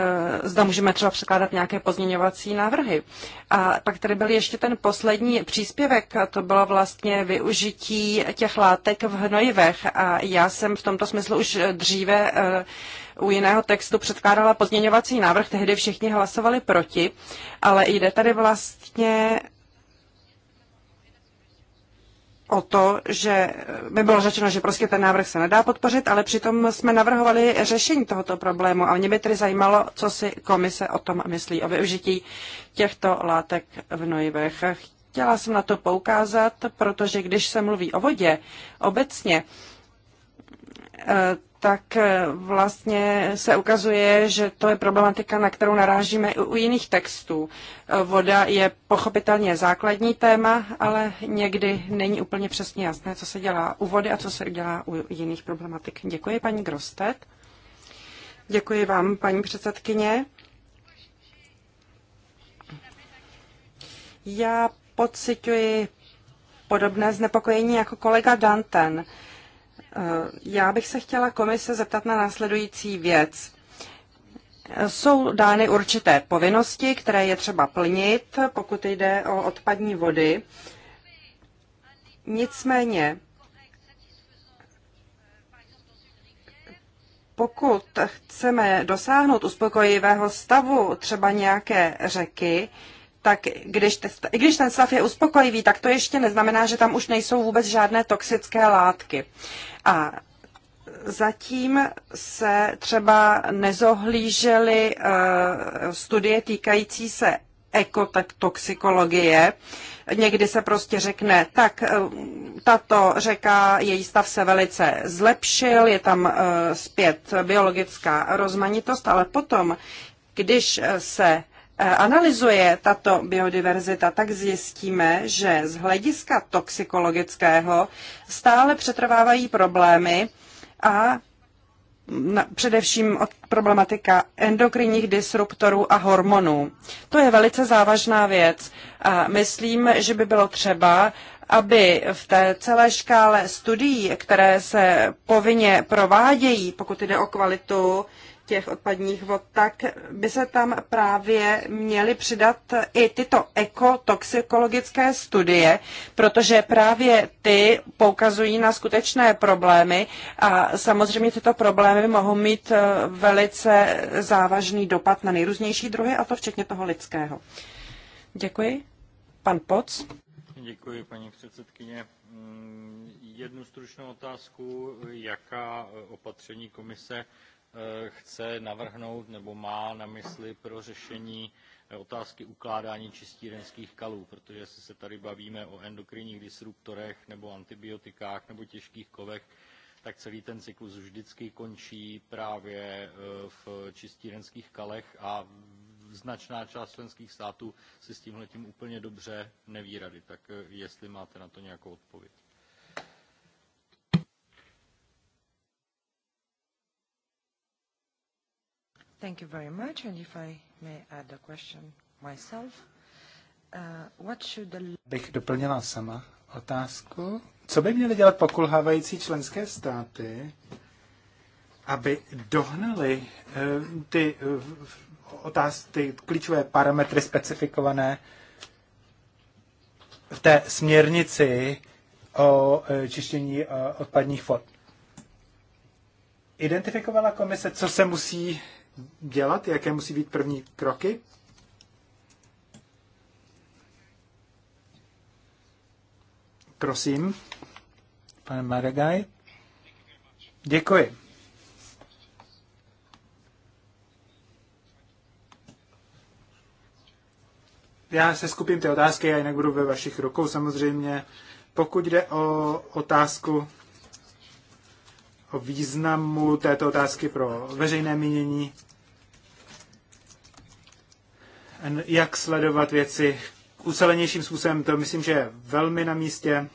zda můžeme třeba překládat nějaké pozměňovací návrhy. A pak tady byl ještě ten poslední příspěvek, a to bylo vlastně využití těch látek v hnojivech. A já jsem v tomto smyslu už dříve eh, u jiného textu předkládala pozměňovací návrh, tehdy všichni hlasovali proti, ale jde tady vlastně o to, že by bylo řečeno, že prostě ten návrh se nedá podpořit, ale přitom jsme navrhovali řešení tohoto problému a mě by tedy zajímalo, co si komise o tom myslí, o využití těchto látek v nojivech. Chtěla jsem na to poukázat, protože když se mluví o vodě obecně, eh, tak eh, vlastně se ukazuje, že to je problematika, na kterou narážíme i u jiných textů. Eh, voda je pochopitelně základní téma, ale někdy není úplně přesně jasné, co se dělá u vody a co se dělá u jiných problematik. Děkuji, paní Grostet. Děkuji vám, paní předsedkyně. Já pociťuji podobné znepokojení jako kolega Danten. Uh, Eh, já bych se chtěla komise zeptat na následující věc. Jsou dány určité povinnosti, které je třeba plnit, pokud jde o odpadní vody. Nicméně, pokud chceme dosáhnout uspokojivého stavu třeba nějaké řeky, tak když, i když ten stav je uspokojivý, tak to ještě neznamená, že tam už nejsou vůbec žádné toxické látky. A zatím se třeba nezohlížely eh, studie týkající se ekotoxikologie. Někdy se prostě řekne, tak eh, tato řeka, její stav se velice zlepšil, je tam eh, zpět biologická rozmanitost, ale potom, když se Eh, analyzuje tato biodiverzita, tak zjistíme, že z hlediska toxikologického stále přetrvávají problémy a na, především od problematika endokrinních disruptorů a hormonů. To je velice závažná věc a myslím, že by bylo třeba, aby v té celé škále studií, které se povinně provádějí, pokud jde o kvalitu těch odpadních vod, tak by se tam právě měly přidat i tyto ekotoxikologické studie, protože právě ty poukazují na skutečné problémy a samozřejmě tyto problémy mohou mít eh, velice závažný dopad na nejrůznější druhy, a to včetně toho lidského. Děkuji. Pan Poc. Děkuji,
paní předsedkyně. Mm, jednu stručnou otázku, jaká eh, opatření komise Eh, chce navrhnout nebo má na mysli pro řešení eh, otázky ukládání čistírenských kalů, protože jestli se tady bavíme o endokrinních disruptorech nebo antibiotikách nebo těžkých kovech, tak celý ten cyklus vždycky končí právě eh, v čistírenských kalech a značná část členských států si s tímhletím úplně dobře neví rady. Tak jestli máte na to nějakou odpověď.
Thank you very much. And if I may add a question myself, uh, what should the...
Bych doplnila sama otázku. Co by měly dělat pokulhávající členské státy, aby dohnaly uh, eh, ty eh, otázky, klíčové parametry specifikované v té směrnici o eh, čištění odpadních vod. Identifikovala komise, co se musí dělat, jaké musí být první kroky. Prosím, pane Maragaj. Děkuji. Já se skupím ty otázky, já jinak budu ve vašich rukou samozřejmě. Pokud jde o otázku o významu této otázky pro veřejné mínění, jak sledovat věci ucelenějším způsobem, to myslím, že je velmi na místě.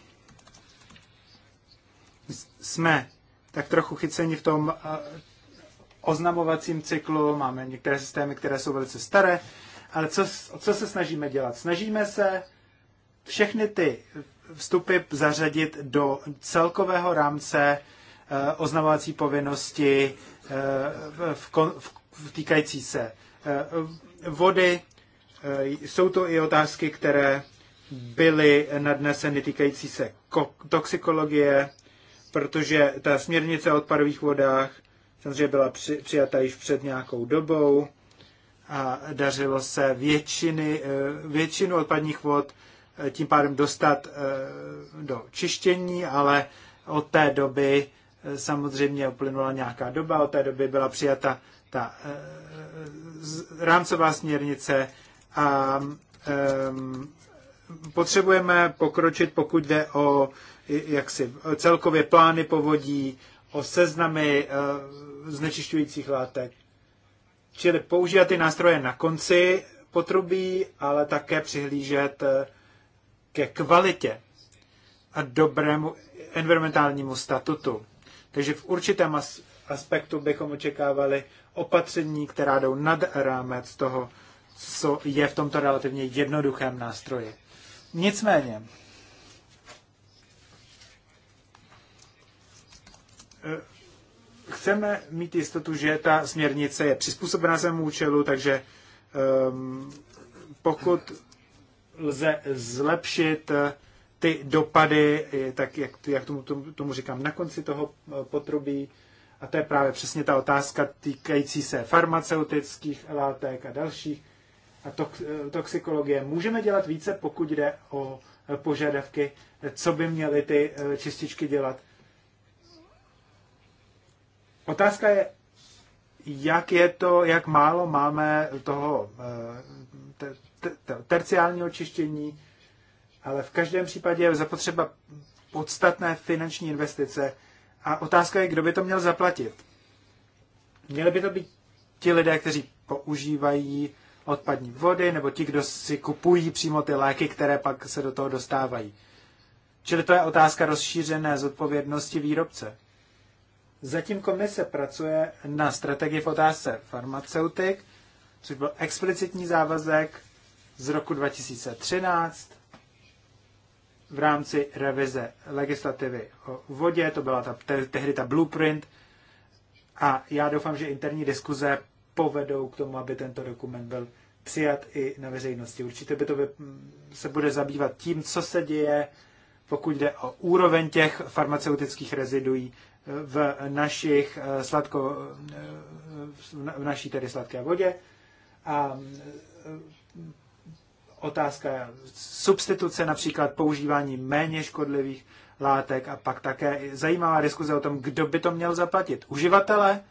Jsme tak trochu chyceni v tom oznamovacím cyklu, máme některé systémy, které jsou velice staré, ale co, co se snažíme dělat? Snažíme se všechny ty vstupy zařadit do celkového rámce Eh, oznamovací povinnosti eh, v, v, v týkající se eh, vody. Jsou to i otázky, které byly nadneseny týkající se toxikologie, protože ta směrnice o odpadových vodách samozřejmě byla při, přijata již před nějakou dobou a dařilo se většiny, většinu odpadních vod tím pádem dostat do čištění, ale od té doby Eh, samozřejmě uplynula nějaká doba, od té doby byla přijata ta eh, rámcová směrnice a potřebujeme pokročit, pokud jde o jaksi celkově plány povodí, o seznamy eh, znečišťujících látek. Čili používat ty nástroje na konci potrubí, ale také přihlížet ke kvalitě a dobrému environmentálnímu statutu. Takže v určitém as- aspektu bychom očekávali opatření, která jdou nad rámec toho, co je v tomto relativně jednoduchém nástroji. Nicméně, eh, chceme mít jistotu, že ta směrnice je přizpůsobena svému účelu, takže um, pokud lze zlepšit eh, ty dopady, tak jak, jak tomu, tomu, tomu říkám, na konci toho eh, potrubí. A to je právě přesně ta otázka týkající se farmaceutických látek a dalších a tox, eh, toxikologie. Můžeme dělat více, pokud jde o eh, požadavky, co by měly ty čističky dělat. Otázka je, jak je to, jak málo máme toho terciálního čištění, ale v každém případě je zapotřeba podstatné finanční investice a otázka je, kdo by to měl zaplatit. Měli by to být ti lidé, kteří používají odpadní vody, nebo ti, kdo si kupují přímo ty léky, které pak se do toho dostávají. Čili to je otázka rozšířené zodpovědnosti výrobce. Zatím komise pracuje na strategii v otázce farmaceutik, což byl explicitní závazek z roku 2013, v rámci revize legislativy o vodě, to byla ta, te, tehdy ta blueprint, a já doufám, že interní diskuze povedou k tomu, aby tento dokument byl přijat i na veřejnosti. Určitě by to by, se bude zabývat tím, co se děje, pokud jde o úroveň těch farmaceutických reziduí eh, v, našich eh, sladko, eh, v naší tedy sladké vodě. A otázka substituce, například používání méně škodlivých látek a pak také zajímavá diskuze o tom, kdo by to měl zaplatit. Uživatele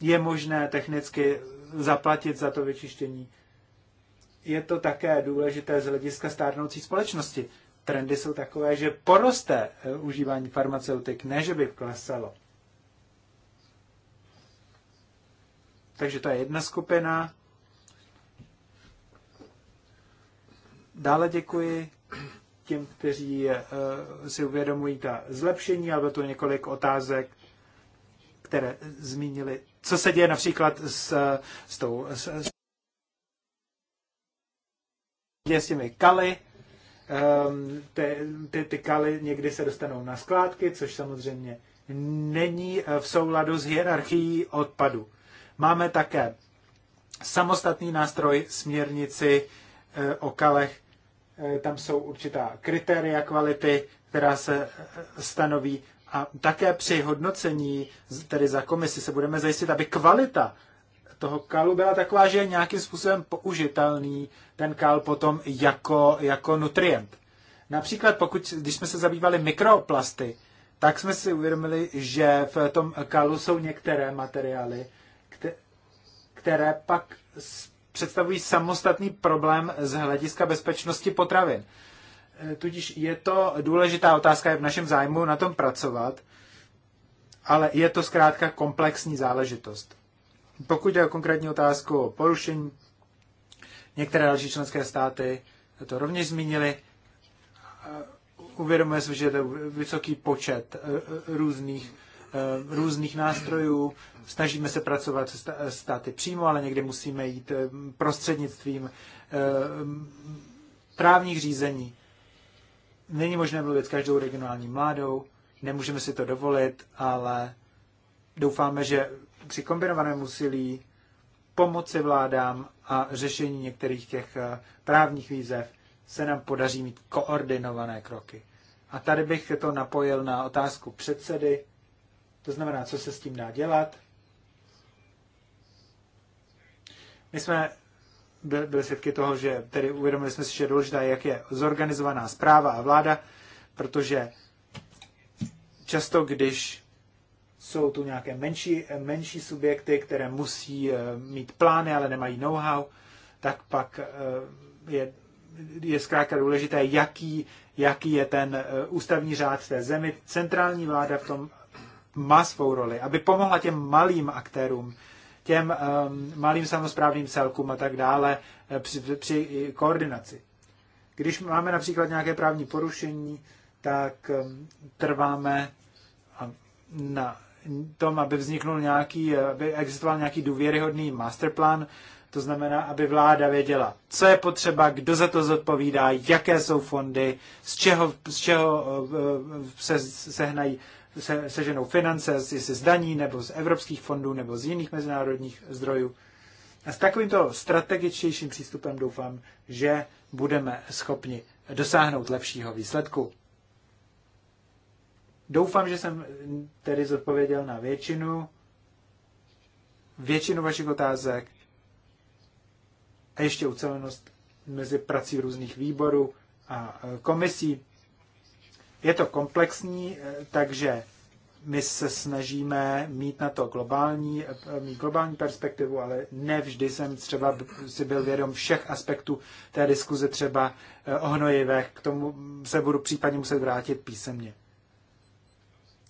je možné technicky zaplatit za to vyčištění. Je to také důležité z hlediska stárnoucí společnosti. Trendy jsou takové, že poroste eh, užívání farmaceutik, ne že by klesalo. Takže to je jedna skupina Dále děkuji těm, kteří eh, si uvědomují ta zlepšení, ale to několik otázek, které zmínili. Co se děje například s, s tou... S, s, s těmi kaly, ehm, ty, ty, ty kaly někdy se dostanou na skládky, což samozřejmě není eh, v souladu s hierarchií odpadu. Máme také samostatný nástroj směrnici eh, o kalech, Eh, tam jsou určitá kritéria kvality, která se eh, stanoví a také při hodnocení, tedy za komisi, se budeme zajistit, aby kvalita toho kalu byla taková, že je nějakým způsobem použitelný ten kal potom jako, jako nutrient. Například pokud, když jsme se zabývali mikroplasty, tak jsme si uvědomili, že v tom kalu jsou některé materiály, které pak představují samostatný problém z hlediska bezpečnosti potravin. E, tudíž je to důležitá otázka, je v našem zájmu na tom pracovat, ale je to zkrátka komplexní záležitost. Pokud je o konkrétní otázku o porušení, některé další členské státy to rovněž zmínili, uvědomuje se, že je to vysoký počet e, e, různých Eh, různých nástrojů. Snažíme se pracovat se státy přímo, ale někdy musíme jít eh, prostřednictvím eh, právních řízení. Není možné mluvit s každou regionální mládou, nemůžeme si to dovolit, ale doufáme, že při kombinovaném úsilí pomoci vládám a řešení některých těch právních výzev se nám podaří mít koordinované kroky. A tady bych to napojil na otázku předsedy to znamená, co se s tím dá dělat. My jsme byli svědky toho, že tedy uvědomili jsme si, že je důležitá, jak je zorganizovaná zpráva a vláda, protože často, když jsou tu nějaké menší, menší subjekty, které musí eh, mít plány, ale nemají know-how, tak pak eh, je, je zkrátka důležité, jaký, jaký je ten eh, ústavní řád v té zemi. Centrální vláda v tom má svou roli, aby pomohla těm malým aktérům, těm um, malým samozprávným celkům a tak dále eh, při, při koordinaci. Když máme například nějaké právní porušení, tak um, trváme na tom, aby vzniknul nějaký, eh, aby existoval nějaký důvěryhodný masterplan, to znamená, aby vláda věděla, co je potřeba, kdo za to zodpovídá, jaké jsou fondy, z čeho, z čeho eh, se sehnají se, seženou finance, jestli z daní, nebo z evropských fondů, nebo z jiných mezinárodních zdrojů. A s takovýmto strategičtějším přístupem doufám, že budeme schopni dosáhnout lepšího výsledku. Doufám, že jsem tedy zodpověděl na většinu, většinu vašich otázek a ještě ucelenost mezi prací různých výborů a e, komisí. Je to komplexní, eh, takže my se snažíme mít na to globální, eh, mít globální perspektivu, ale ne vždy jsem třeba si byl vědom všech aspektů té diskuze třeba eh, o hnojivech. K tomu se budu případně muset vrátit písemně.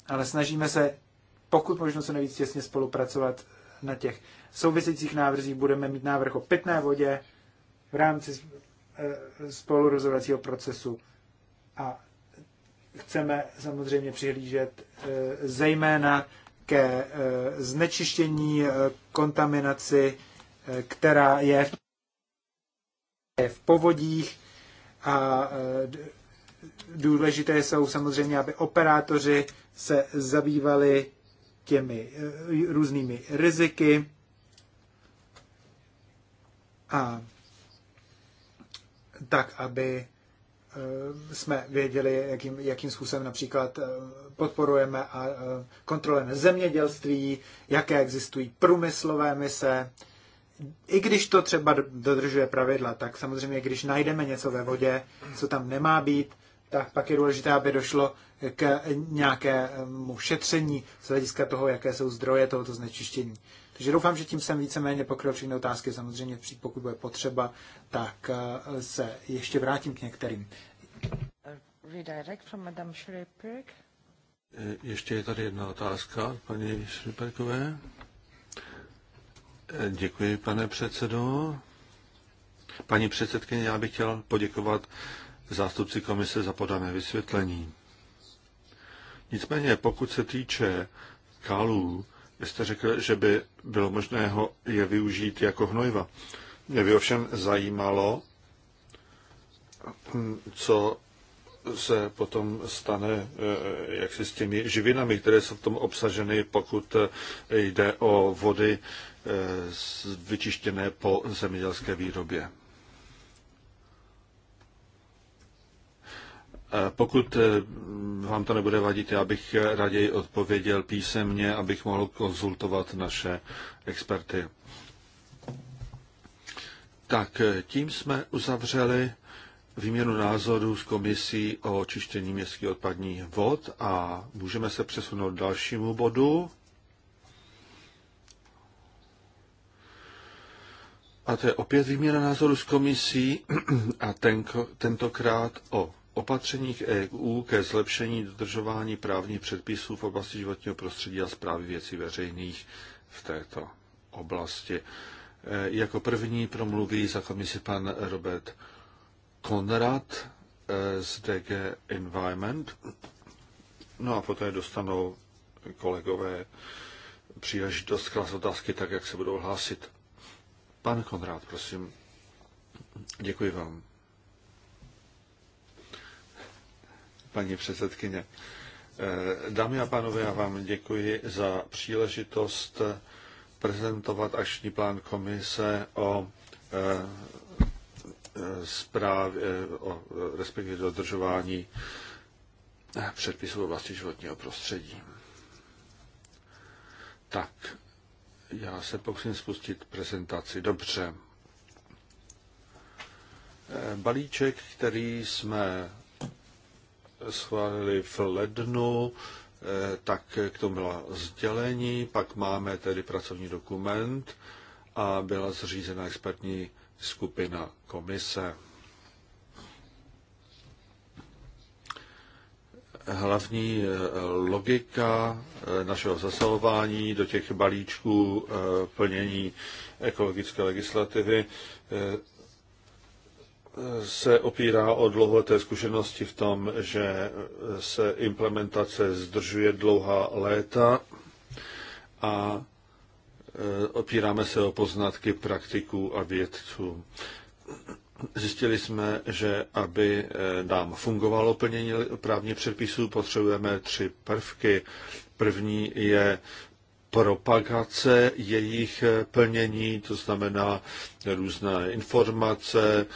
Ale snažíme se, pokud možno se nejvíc těsně spolupracovat na těch Souvisících návrzích. Budeme mít návrh o pitné vodě v rámci spolurozovacího procesu a chceme samozřejmě přihlížet eh, zejména ke eh, znečištění, eh, kontaminaci, která je v povodích a důležité jsou samozřejmě, aby operátoři se zabývali těmi různými riziky a tak, aby Eh, jsme věděli, jakým, jakým způsobem například eh, podporujeme a eh, kontrolujeme zemědělství, jaké existují průmyslové mise. I když to třeba dodržuje pravidla, tak samozřejmě, když najdeme něco ve vodě, co tam nemá být, tak pak je důležité, aby došlo k nějakému šetření z hlediska toho, jaké jsou zdroje tohoto znečištění. Takže doufám, že tím jsem víceméně pokryl všechny otázky. Samozřejmě, pokud bude potřeba, tak se ještě vrátím k některým.
Redirect from Madame e,
Ještě je tady jedna otázka paní Šriperkové. E, děkuji, pane předsedo. Paní předsedkyně, já bych chtěl poděkovat zástupci komise za podané vysvětlení. Nicméně, pokud se týče kalů, vy jste řekl, že by bylo možné ho je využít jako hnojiva. Mě by ovšem zajímalo, co se potom stane eh, jak si s těmi živinami, které jsou v tom obsaženy, pokud jde o vody eh, vyčištěné po zemědělské výrobě. Pokud eh, vám to nebude vadit, já bych raději odpověděl písemně, abych mohl konzultovat naše experty. Tak tím jsme uzavřeli výměnu názorů s komisí o čištění městských odpadních vod a můžeme se přesunout k dalšímu bodu. A to je opět výměna názoru s komisí a ten, tentokrát o opatřeních EU ke zlepšení dodržování právních předpisů v oblasti životního prostředí a zprávy věcí veřejných v této oblasti. E, jako první promluví za komisi pan Robert Konrad eh, z DG Environment. No a poté dostanou kolegové příležitost klas otázky tak, jak se budou hlásit. Pan Konrad, prosím. Děkuji vám. Paní předsedkyně. Eh, dámy a pánové, já vám děkuji za příležitost prezentovat akční plán komise o eh, zprávě, o respektive dodržování předpisů v oblasti životního prostředí. Tak, já se pokusím spustit prezentaci. Dobře. Balíček, který jsme schválili v lednu, tak k tomu byla sdělení, pak máme tedy pracovní dokument a byla zřízena expertní skupina komise. Hlavní eh, logika eh, našeho zasahování do těch balíčků eh, plnění ekologické legislativy se opírá o dlouholeté zkušenosti v tom, že se implementace zdržuje dlouhá léta a Eh, opíráme se o poznatky praktiků a vědců. Zjistili jsme, že aby eh, nám fungovalo plnění právních předpisů, potřebujeme tři prvky. První je propagace jejich eh, plnění, to znamená různé informace,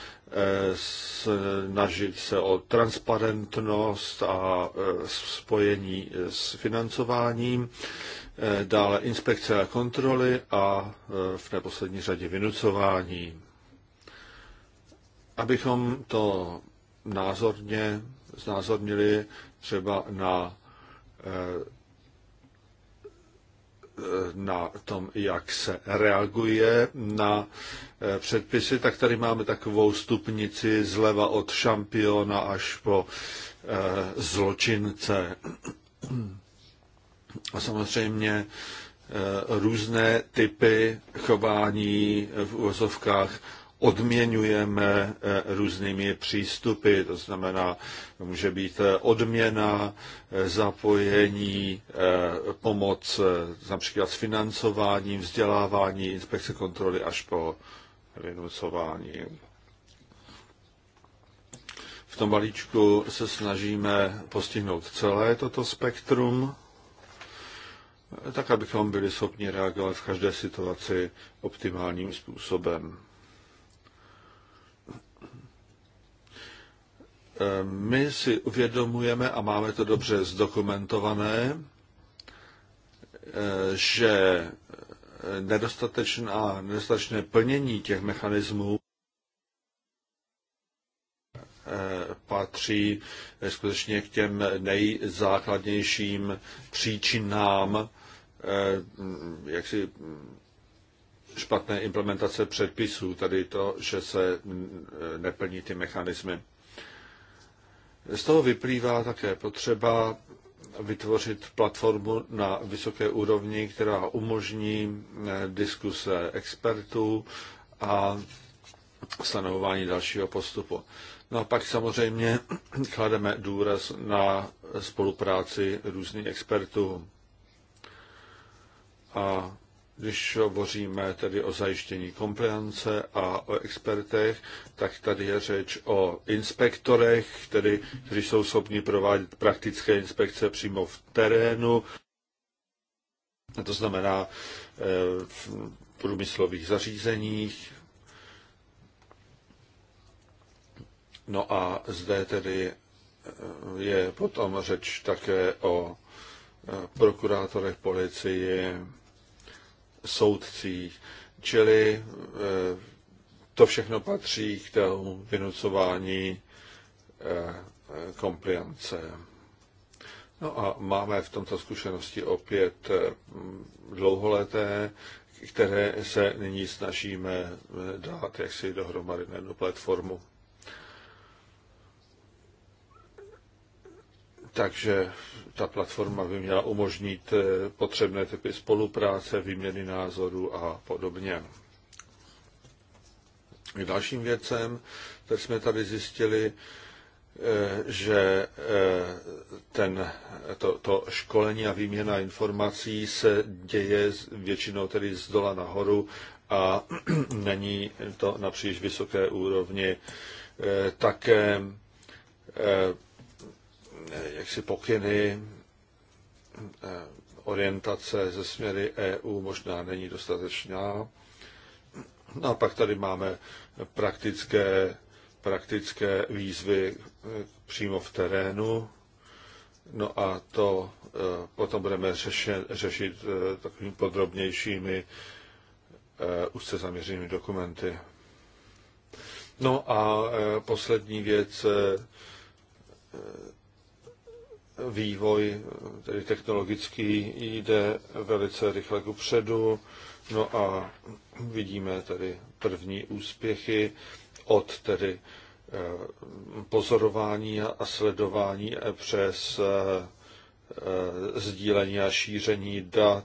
snažit se o transparentnost a spojení s financováním. Eh, dále inspekce a kontroly a eh, v neposlední řadě vynucování. Abychom to názorně znázornili třeba na, eh, na tom, jak se reaguje na předpisy, tak tady máme takovou stupnici zleva od šampiona až po zločince. A samozřejmě eh, různé typy chování v úvozovkách odměňujeme eh, různými přístupy, to znamená, může být eh, odměna, zapojení, pomoc například s financováním, vzdělávání, inspekce kontroly až po vynucování. V tom balíčku se snažíme postihnout celé toto spektrum tak abychom byli schopni reagovat v každé situaci optimálním způsobem. My si uvědomujeme a máme to dobře zdokumentované, že nedostatečná, nedostatečné plnění těch mechanismů patří skutečně k těm nejzákladnějším příčinám Eh, jaksi špatné implementace předpisů, tady to, že se mm, eh, neplní ty mechanismy. Z toho vyplývá také potřeba vytvořit platformu na vysoké úrovni, která umožní eh, diskuse expertů a stanovování dalšího postupu. No a pak samozřejmě klademe důraz na spolupráci různých expertů. A když hovoříme tedy o zajištění kompliance a o expertech, tak tady je řeč o inspektorech, tedy, kteří jsou schopni provádět praktické inspekce přímo v terénu. to znamená e, v průmyslových zařízeních. No a zde tedy e, je potom řeč také o e, prokurátorech policii, soudcích. Čili eh, to všechno patří k tomu vynucování eh, kompliance. No a máme v tomto zkušenosti opět eh, dlouholeté, které se nyní snažíme dát jaksi dohromady na jednu platformu. Takže ta platforma by měla umožnit eh, potřebné typy spolupráce, výměny názorů a podobně. K dalším věcem, které jsme tady zjistili, eh, že eh, ten, to, to školení a výměna informací se děje většinou tedy z dola nahoru a není to na příliš vysoké úrovni. Také Eh, jaksi pokyny, eh, orientace ze směry EU možná není dostatečná. No a pak tady máme praktické, praktické výzvy eh, přímo v terénu. No a to potom budeme řešen, řešit takovými podrobnějšími, úzce zaměřenými dokumenty. No a poslední věc, vývoj tedy technologický jde velice rychle ku předu. No a vidíme tedy první úspěchy od tedy eh, pozorování a sledování e přes eh, sdílení a šíření dat,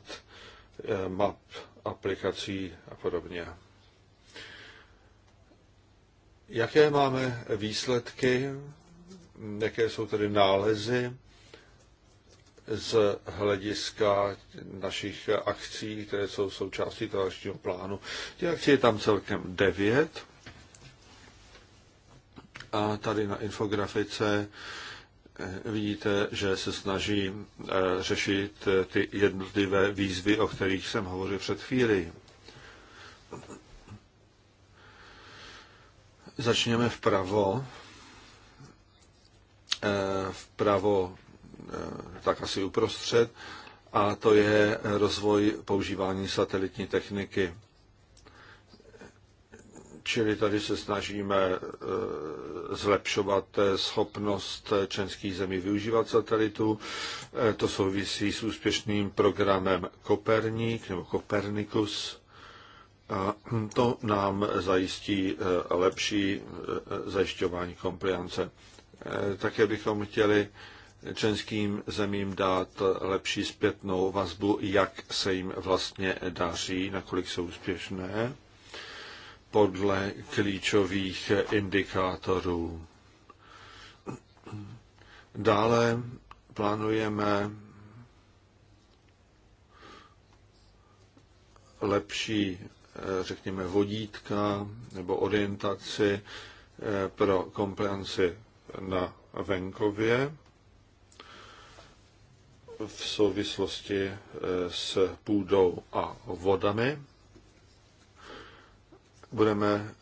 eh, map, aplikací a podobně. Jaké máme výsledky, jaké jsou tedy nálezy? z hlediska našich akcí, které jsou součástí toho plánu. Těch akcí je tam celkem devět. A tady na infografice eh, vidíte, že se snaží eh, řešit eh, ty jednotlivé výzvy, o kterých jsem hovořil před chvíli. Začněme vpravo. Vpravo Eh, tak asi uprostřed, a to je rozvoj používání satelitní techniky. Čili tady se snažíme eh, zlepšovat schopnost členských zemí využívat satelitu. Eh, to souvisí s úspěšným programem Koperník nebo Kopernikus. A to nám zajistí lepší zajišťování kompliance. Také bychom chtěli členským zemím dát lepší zpětnou vazbu, jak se jim vlastně daří, nakolik jsou úspěšné, podle klíčových indikátorů. Dále plánujeme lepší, eh, řekněme, vodítka nebo orientaci eh, pro komplianci na venkově v souvislosti eh, s půdou a vodami. Budeme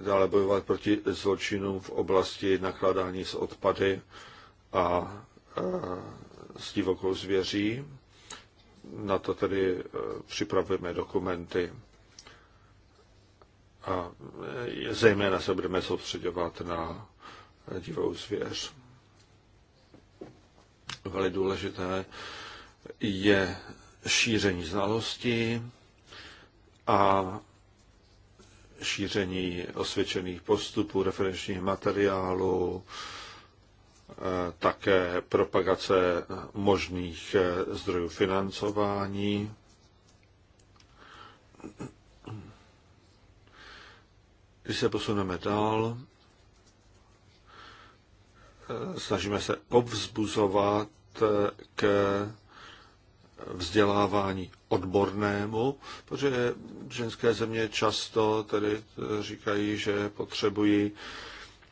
eh, dále bojovat proti zločinům v oblasti nakládání s odpady a eh, s divokou zvěří. Na to tedy připravujeme dokumenty a zejména se budeme soustředovat na divou zvěř velmi důležité, je šíření znalosti a šíření osvědčených postupů, referenčních materiálů, eh, také propagace možných eh, zdrojů financování. Když se posuneme dál, snažíme se povzbuzovat k vzdělávání odbornému, protože ženské země často tedy říkají, že potřebují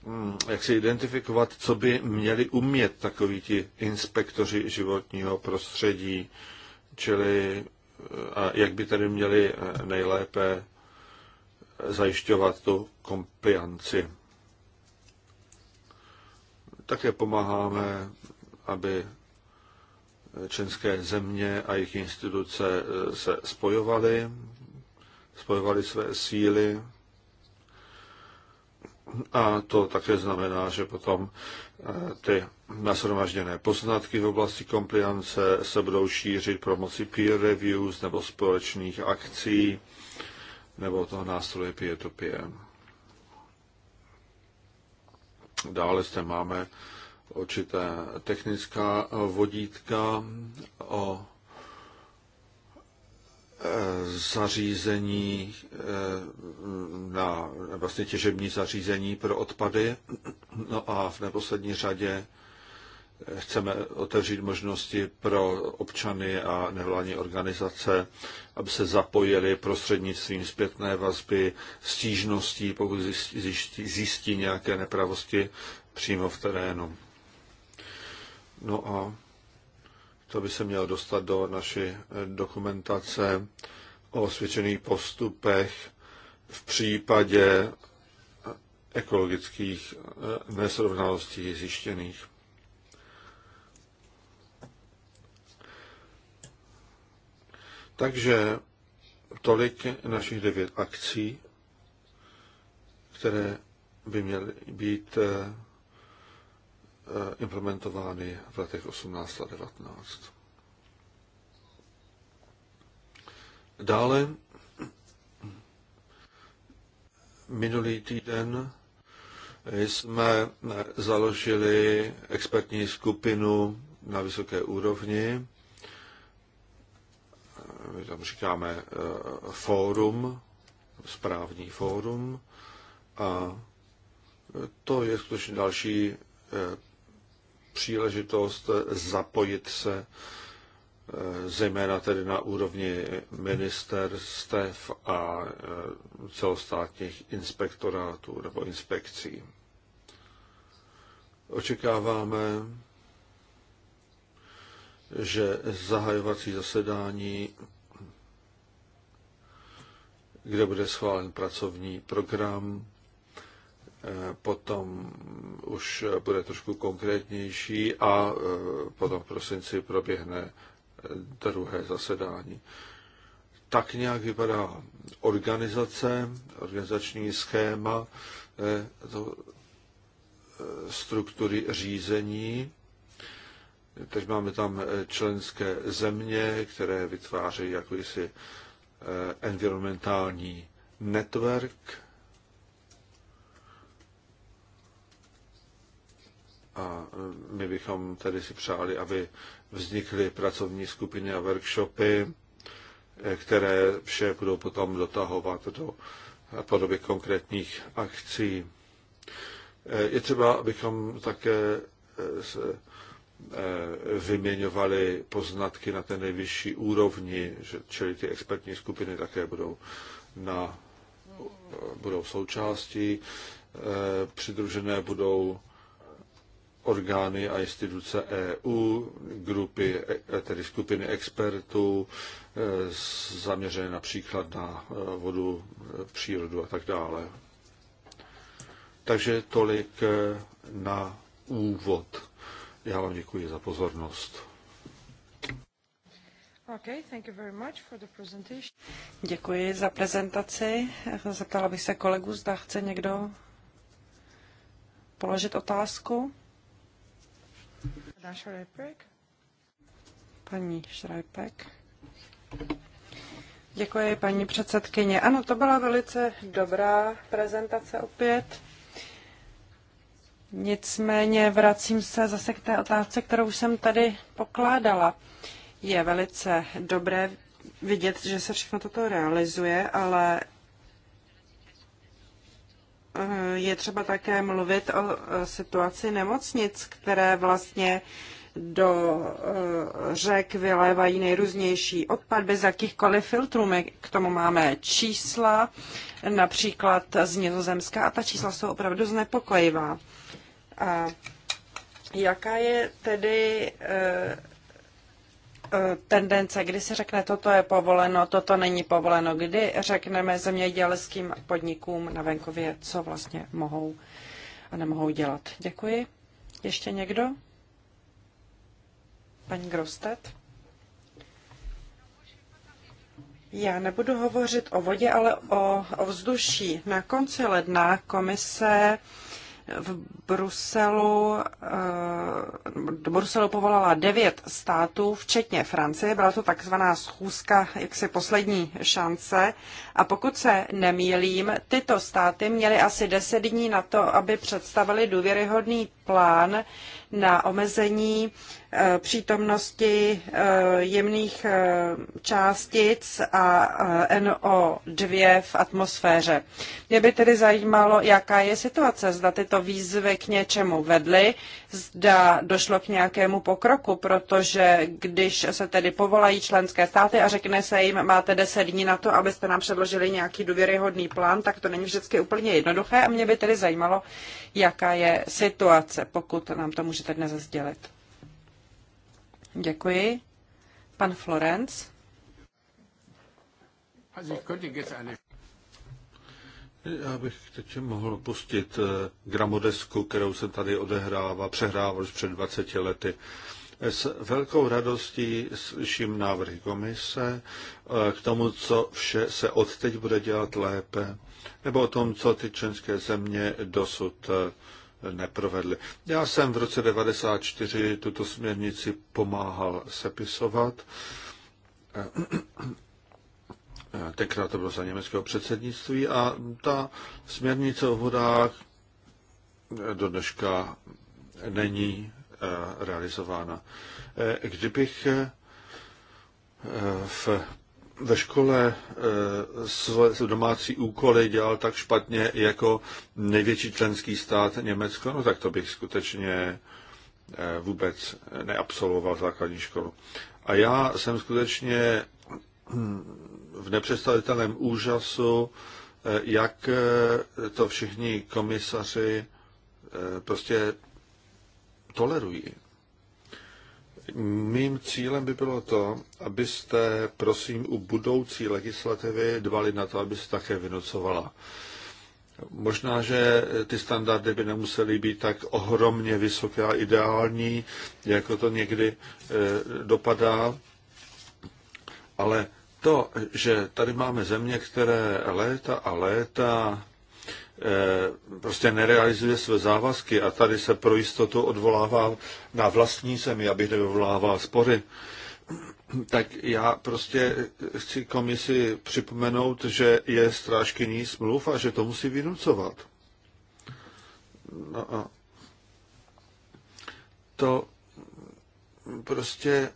hm, jak se identifikovat, co by měli umět takoví ti inspektoři životního prostředí, čili a jak by tedy měli nejlépe zajišťovat tu komplianci. Také pomáháme, aby členské země a jejich instituce eh, se spojovaly, spojovaly své síly. A to také znamená, že potom eh, ty nasromažděné poznatky v oblasti kompliance se budou šířit pomocí peer reviews nebo společných akcí nebo toho nástroje -peer. Dále zde máme určité technická vodítka o e, zařízení e, na vlastně těžební zařízení pro odpady. No a v neposlední řadě chceme otevřít možnosti pro občany a nevládní organizace, aby se zapojili prostřednictvím zpětné vazby, stížností, pokud zjistí, zjistí nějaké nepravosti přímo v terénu. No a to by se mělo dostat do naší dokumentace o osvědčených postupech v případě ekologických eh, nesrovnalostí zjištěných. Takže tolik našich devět akcí, které by měly být eh, eh, implementovány v letech 18 a 19. Dále minulý týden jsme založili expertní skupinu na vysoké úrovni my tam říkáme eh, fórum, správní fórum a to je skutečně další eh, příležitost zapojit se eh, zejména tedy na úrovni ministerstev a celostátních inspektorátů nebo inspekcí. Očekáváme, že zahajovací zasedání kde bude schválen pracovní program, eh, potom už bude trošku konkrétnější a eh, potom v prosinci proběhne eh, druhé zasedání. Tak nějak vypadá organizace, organizační schéma, to struktury řízení. Teď máme tam členské země, které vytvářejí jakýsi Eh, environmentální network a eh, my bychom tady si přáli, aby vznikly pracovní skupiny a workshopy, eh, které vše budou potom dotahovat do podoby konkrétních akcí. Je třeba, abychom také se Eh, vyměňovali poznatky na té nejvyšší úrovni, že, čili ty expertní skupiny také budou, na, budou součástí. Eh, přidružené budou orgány a instituce EU, grupy, eh, tedy skupiny expertů, zaměřené například na vodu, přírodu a tak dále. Takže tolik na úvod.
Já vám děkuji za pozornost. Okay, thank you very much for the presentation. Děkuji za prezentaci. Zeptala bych se kolegu, zda chce někdo položit otázku. Paní Šrajpek. Děkuji, paní předsedkyně. Ano, to byla velice dobrá prezentace opět. Nicméně vracím se zase k té otázce, kterou jsem tady pokládala. Je velice dobré vidět, že se všechno toto realizuje, ale eh, je třeba také mluvit o situaci nemocnic, které vlastně do eh, řek vylévají nejrůznější odpad bez jakýchkoliv filtrů. My k tomu máme čísla, například z Nizozemska, a ta čísla jsou opravdu znepokojivá. A jaká je tedy eh, eh, tendence, kdy se řekne, toto je povoleno, toto není povoleno, kdy řekneme zemědělským podnikům na venkově, co vlastně mohou a nemohou dělat. Děkuji. Ještě někdo? Paní Grostet? Já nebudu hovořit o vodě, ale o, o vzduší. Na konci ledna komise uh, v Bruselu, eh, do Bruselu povolala devět států, včetně Francie. Byla to takzvaná schůzka jaksi poslední šance. A pokud se nemýlím, tyto státy měly asi deset dní na to, aby představili důvěryhodný plán na omezení eh, přítomnosti eh, jemných eh, částic a NO2 v atmosféře. Mě by tedy zajímalo, jaká je situace, zda tyto výzvy k něčemu vedly, zda došlo k nějakému pokroku, protože když se tedy povolají členské státy a řekne se jim, máte 10 dní na to, abyste nám předložili nějaký důvěryhodný plán, tak to není vždycky úplně jednoduché a mě by tedy zajímalo, jaká je situace situace, pokud nám to můžete dnes sdělit. Děkuji. Pan Florenc.
Já bych
teď mohl pustit eh, gramodesku, kterou jsem tady odehrával, přehrával už před 20 lety. S velkou radostí slyším návrhy komise eh, k tomu, co vše se odteď bude dělat lépe, nebo o tom, co ty členské země dosud eh, neprovedly. Já jsem v roce 1994 tuto směrnici pomáhal sepisovat. Tenkrát to bylo za německého předsednictví a ta směrnice o vodách do dneška není eh, realizována. Eh, kdybych eh, v ve škole e, své domácí úkoly dělal tak špatně jako největší členský stát Německo, no tak to bych skutečně e, vůbec neabsolvoval základní školu. A já jsem skutečně hm, v nepředstavitelném úžasu, e, jak to všichni komisaři prostě tolerují mým cílem by bylo to, abyste, prosím, u budoucí legislativy dvali na to, abyste také vynocovala. Možná, že ty standardy by nemusely být tak ohromně vysoké a ideální, jako to někdy e, dopadá, ale to, že tady máme země, které léta a léta Eh, prostě nerealizuje své závazky a tady se pro jistotu odvolává na vlastní zemi, abych nevyvolával spory, tak já prostě chci komisi připomenout, že je strážkyní smluv a že to musí vynucovat. No a to prostě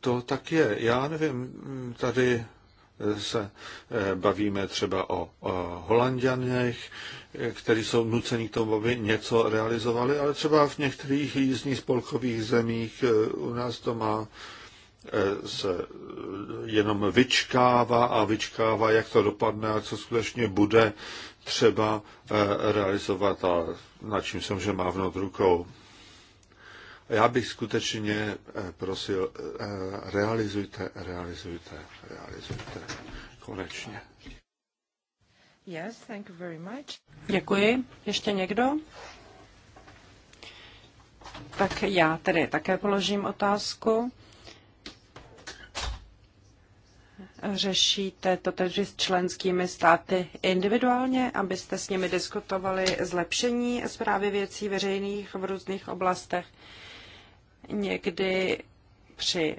to tak je. Já nevím, tady se eh, bavíme třeba o, o holanděnech, eh, kteří jsou nuceni k tomu, aby něco realizovali, ale třeba v některých jízdních spolkových zemích eh, u nás to má se jenom vyčkává a vyčkává, jak to dopadne a co skutečně bude třeba realizovat a na čím se může mávnout rukou. Já bych skutečně eh, prosil, eh, realizujte, realizujte, realizujte. Konečně.
Yes, thank you very much. Děkuji. Ještě někdo? Tak já tedy také položím otázku. Řešíte to tedy s členskými státy individuálně, abyste s nimi diskutovali zlepšení zprávy věcí veřejných v různých oblastech? někdy při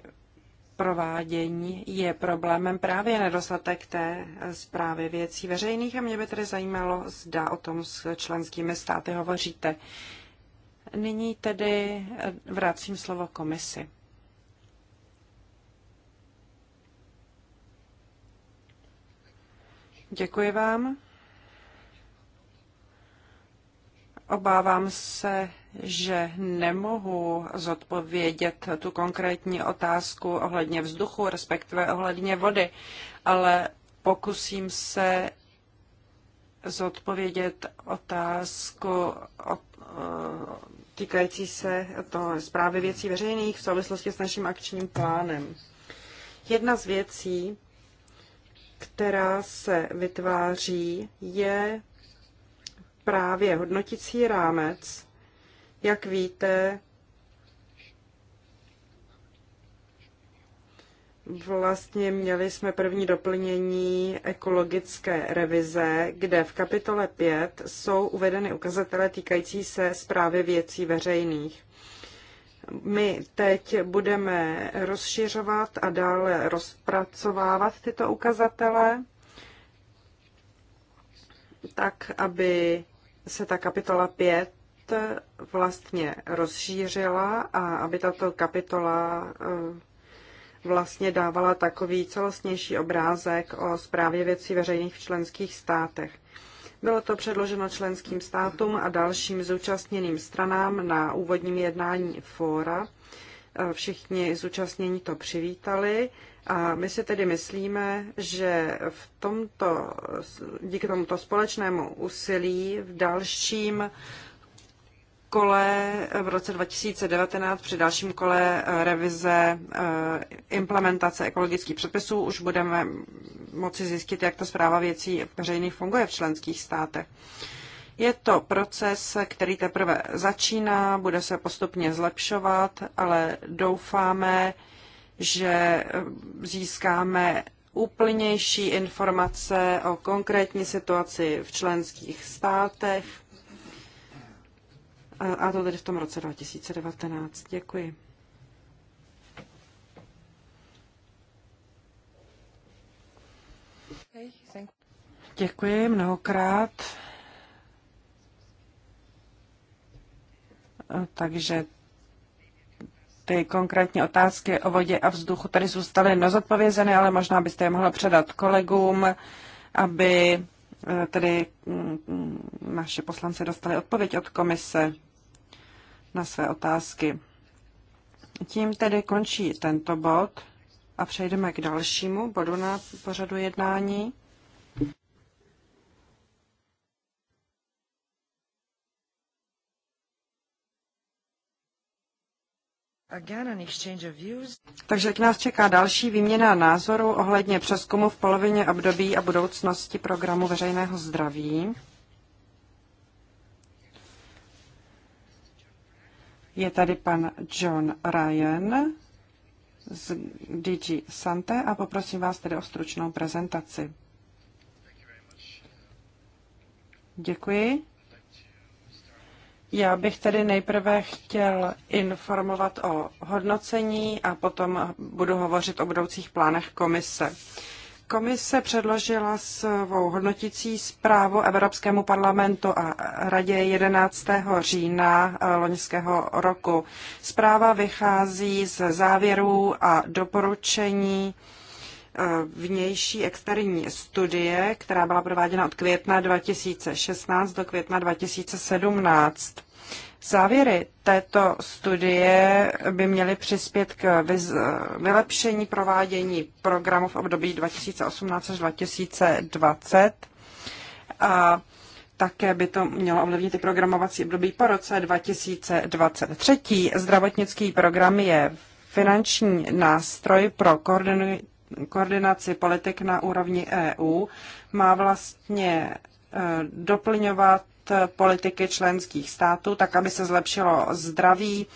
provádění je problémem právě nedostatek té zprávy věcí veřejných a mě by tedy zajímalo, zda o tom s členskými státy hovoříte. Nyní tedy vracím slovo komisi. Děkuji vám. Obávám se, že nemohu zodpovědět tu konkrétní otázku ohledně vzduchu, respektive ohledně vody, ale pokusím se zodpovědět otázku e, týkající se to zprávy věcí veřejných v souvislosti s naším akčním plánem. Jedna z věcí, která se vytváří, je právě hodnotící rámec, jak víte, vlastně měli jsme první doplnění ekologické revize, kde v kapitole 5 jsou uvedeny ukazatele týkající se zprávy věcí veřejných. My teď budeme rozšiřovat a dále rozpracovávat tyto ukazatele, tak aby se ta kapitola 5 vlastně rozšířila a aby tato kapitola eh, vlastně dávala takový celostnější obrázek o zprávě věcí veřejných v členských státech. Bylo to předloženo členským státům a dalším zúčastněným stranám na úvodním jednání fóra. Eh, všichni zúčastnění to přivítali a my si tedy myslíme, že v tomto, díky tomuto společnému úsilí v dalším kole v roce 2019 při dalším kole eh, revize eh, implementace ekologických předpisů už budeme moci zjistit, jak ta zpráva věcí veřejných funguje v členských státech. Je to proces, který teprve začíná, bude se postupně zlepšovat, ale doufáme, že eh, získáme úplnější informace o konkrétní situaci v členských státech. A to tedy v tom roce 2019. Děkuji. Děkuji mnohokrát. Eh, takže ty konkrétní otázky o vodě a vzduchu tady zůstaly nezodpovězeny, ale možná byste je mohla předat kolegům, aby eh, tedy mm, naši poslanci dostali odpověď od komise na své otázky. Tím tedy končí tento bod a přejdeme k dalšímu bodu na pořadu jednání. Takže k nás čeká další výměna názorů ohledně přeskumu v polovině období a budoucnosti programu veřejného zdraví. Je tady pan John Ryan z DG Sante a poprosím vás tedy o stručnou prezentaci. Děkuji. Já bych tedy nejprve chtěl informovat o hodnocení a potom budu hovořit o budoucích plánech komise. Komise předložila svou hodnotící zprávu Evropskému parlamentu a radě 11. října loňského roku. Zpráva vychází z závěrů a doporučení Eh, vnější externí studie, která byla prováděna od května 2016 do května 2017. Závěry této studie by měly přispět k vylepšení provádění programu v období 2018 až 2020 a také by to mělo ovlivnit i programovací období po roce 2020. Třetí zdravotnický program je finanční nástroj pro koordinování koordinaci politik na úrovni EU má vlastně e, doplňovat politiky členských států, tak aby se zlepšilo zdraví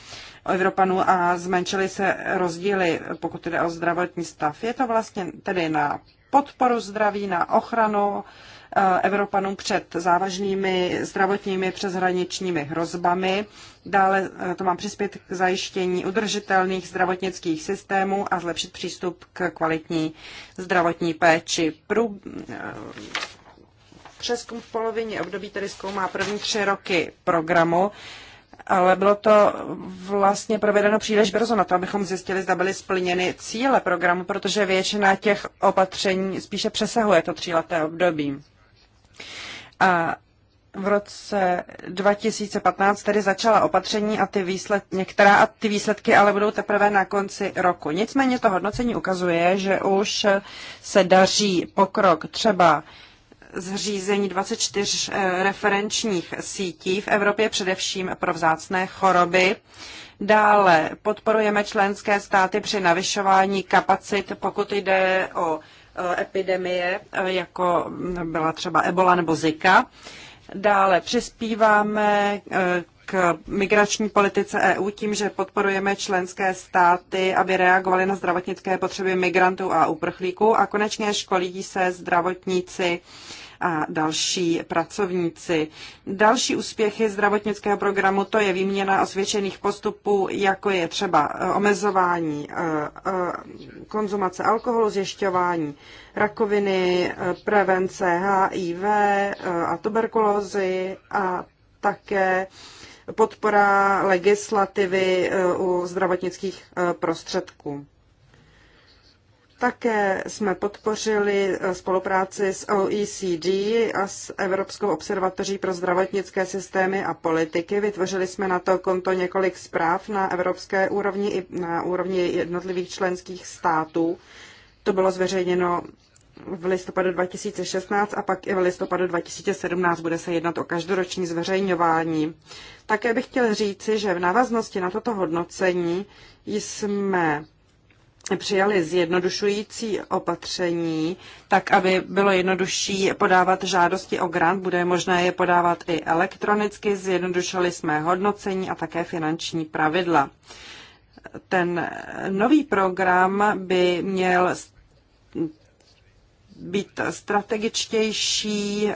Evropanů a zmenšily se rozdíly, pokud jde o zdravotní stav. Je to vlastně tedy na podporu zdraví, na ochranu Evropanům před závažnými zdravotními přeshraničními hrozbami. Dále e, to má přispět k zajištění udržitelných zdravotnických systémů a zlepšit přístup k kvalitní zdravotní péči. Prů... E, přeskum v polovině období tedy zkoumá první tři roky programu ale bylo to vlastně provedeno příliš brzo na to, abychom zjistili, zda byly splněny cíle programu, protože většina těch opatření spíše přesahuje to tříleté období. A v roce 2015 tedy začala opatření a ty výsledky, některá a ty výsledky ale budou teprve na konci roku. Nicméně to hodnocení ukazuje, že už se daří pokrok třeba zřízení 24 eh, referenčních sítí v Evropě, především pro vzácné choroby. Dále podporujeme členské státy při navyšování kapacit, pokud jde o Eh, epidemie, eh, jako byla třeba Ebola nebo Zika. Dále přispíváme eh, k migrační politice EU tím, že podporujeme členské státy, aby reagovaly na zdravotnické potřeby migrantů a uprchlíků a konečně školí se zdravotníci a další pracovníci. Další úspěchy zdravotnického programu to je výměna osvědčených postupů, jako je třeba e, omezování e, e, konzumace alkoholu, zjišťování rakoviny, prevence HIV a tuberkulózy a také podpora legislativy u zdravotnických prostředků. Také jsme podpořili eh, spolupráci s OECD a s Evropskou observatoří pro zdravotnické systémy a politiky. Vytvořili jsme na to konto několik zpráv na evropské úrovni i na úrovni jednotlivých členských států. To bylo zveřejněno v listopadu 2016 a pak i v listopadu 2017 bude se jednat o každoroční zveřejňování. Také bych chtěl říci, že v návaznosti na toto hodnocení jsme přijali zjednodušující opatření, tak aby bylo jednodušší podávat žádosti o grant, bude možné je podávat i elektronicky, zjednodušili jsme hodnocení a také finanční pravidla. Ten nový program by měl být strategičtější, eh,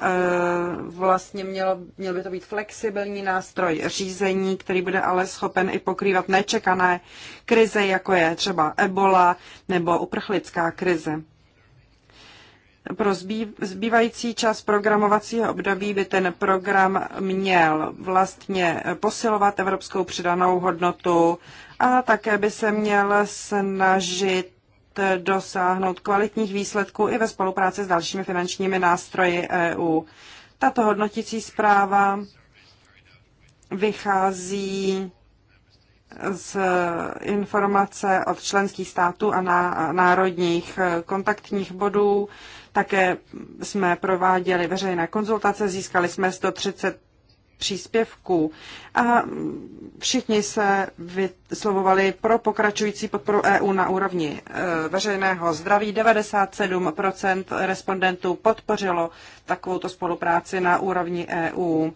vlastně měl, měl by to být flexibilní nástroj řízení, který bude ale schopen i pokrývat nečekané krize, jako je třeba ebola nebo uprchlická krize. Pro zbývající čas programovacího období by ten program měl vlastně posilovat evropskou přidanou hodnotu a také by se měl snažit Eh, dosáhnout kvalitních výsledků i ve spolupráci s dalšími finančními nástroji EU. Tato hodnotící zpráva vychází z informace od členských států a na, národních eh, kontaktních bodů. Také jsme prováděli veřejné konzultace, získali jsme 130 příspěvků. A všichni se vyslovovali pro pokračující podporu EU na úrovni e, veřejného zdraví. 97% respondentů podpořilo takovouto spolupráci na úrovni EU.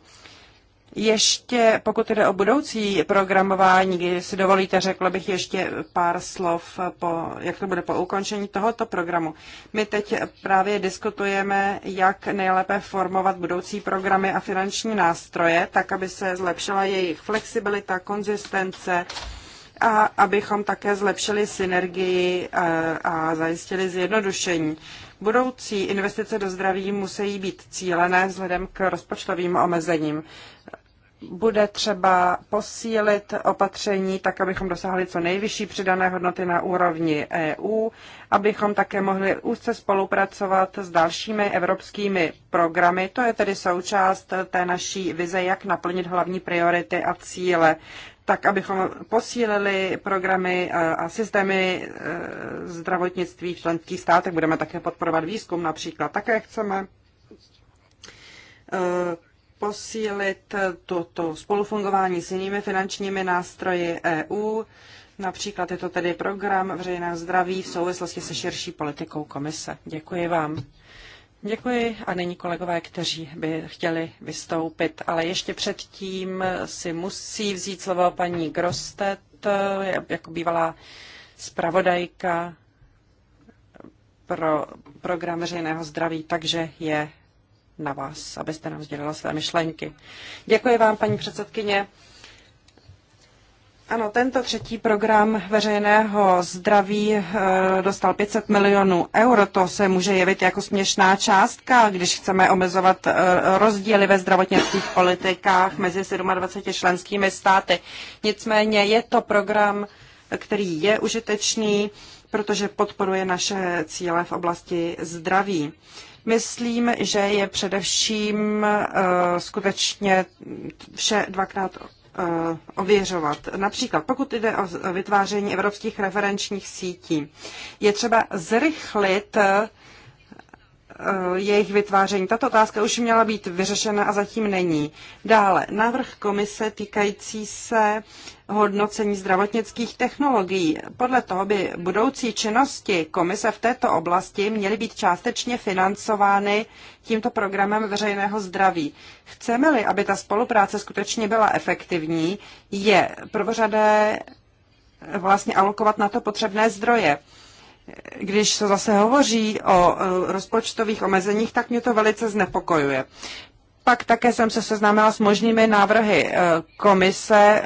Ještě pokud jde o budoucí programování, kdy si dovolíte, řekla bych ještě pár slov, po, jak to bude po ukončení tohoto programu. My teď právě diskutujeme, jak nejlépe formovat budoucí programy a finanční nástroje, tak aby se zlepšila jejich flexibilita, konzistence a abychom také zlepšili synergii a, eh, a zajistili zjednodušení. Budoucí investice do zdraví musí být cílené vzhledem k rozpočtovým omezením bude třeba posílit opatření tak, abychom dosáhli co nejvyšší přidané hodnoty na úrovni EU, abychom také mohli úzce spolupracovat s dalšími evropskými programy. To je tedy součást té naší vize, jak naplnit hlavní priority a cíle tak abychom posílili programy a systémy e, zdravotnictví v členských státech. Budeme také podporovat výzkum například. Také chceme e, posílit toto spolufungování s jinými finančními nástroji EU. Například je to tedy program veřejného zdraví v souvislosti se širší politikou komise. Děkuji vám. Děkuji a nyní kolegové, kteří by chtěli vystoupit, ale ještě předtím si musí vzít slovo paní Grostet, jako bývalá zpravodajka pro program veřejného zdraví, takže je na vás, abyste nám sdělila své myšlenky. Děkuji vám, paní předsedkyně. Ano, tento třetí program veřejného zdraví eh, dostal 500 milionů eur. To se může jevit jako směšná částka, když chceme omezovat eh, rozdíly ve zdravotnických politikách mezi 27 členskými státy. Nicméně je to program, který je užitečný, protože podporuje naše cíle v oblasti zdraví. Myslím, že je především eh, skutečně vše dvakrát eh, ověřovat. Například pokud jde o vytváření evropských referenčních sítí, je třeba zrychlit eh, jejich vytváření. Tato otázka už měla být vyřešena a zatím není. Dále, návrh komise týkající se hodnocení zdravotnických technologií. Podle toho by budoucí činnosti komise v této oblasti měly být částečně financovány tímto programem veřejného zdraví. Chceme-li, aby ta spolupráce skutečně byla efektivní, je prvořadé vlastně alokovat na to potřebné zdroje. Když se zase hovoří o e, rozpočtových omezeních, tak mě to velice znepokojuje. Pak také jsem se seznámila s možnými návrhy eh, komise eh,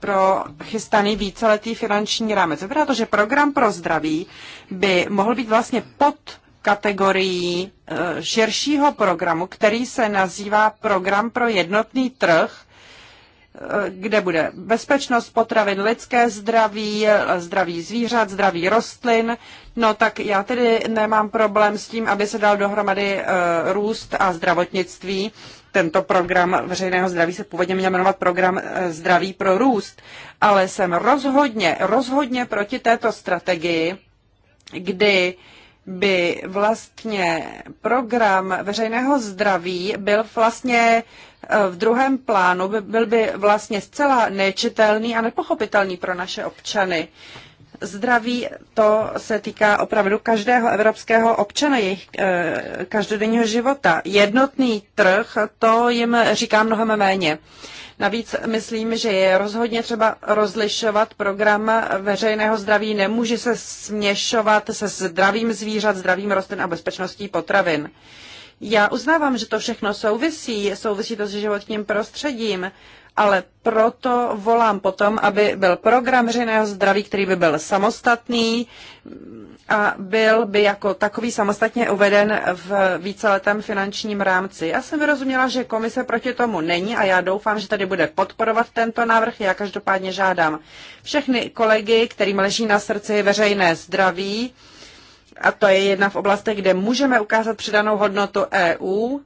pro chystaný víceletý finanční rámec. Vypadá to, že program pro zdraví by mohl být vlastně pod kategorií eh, širšího programu, který se nazývá Program pro jednotný trh, kde bude bezpečnost potravin, lidské zdraví, zdraví zvířat, zdraví rostlin. No tak já tedy nemám problém s tím, aby se dal dohromady eh, růst a zdravotnictví. Tento program veřejného zdraví se původně měl jmenovat program eh, zdraví pro růst, ale jsem rozhodně, rozhodně proti této strategii, kdy by vlastně program veřejného zdraví byl vlastně Eh, v druhém plánu by byl by vlastně zcela nečitelný a nepochopitelný pro naše občany. Zdraví to se týká opravdu každého evropského občana, jejich eh, každodenního života. Jednotný trh, to jim říká mnohem méně. Navíc myslím, že je rozhodně třeba rozlišovat program veřejného zdraví. Nemůže se směšovat se zdravým zvířat, zdravým rostlin a bezpečností potravin. Já uznávám, že to všechno souvisí, souvisí to s životním prostředím, ale proto volám potom, aby byl program veřejného zdraví, který by byl samostatný a byl by jako takový samostatně uveden v víceletém finančním rámci. Já jsem vyrozuměla, že komise proti tomu není a já doufám, že tady bude podporovat tento návrh. Já každopádně žádám všechny kolegy, kterým leží na srdci veřejné zdraví, a to je jedna v oblastech, kde můžeme ukázat přidanou hodnotu EU,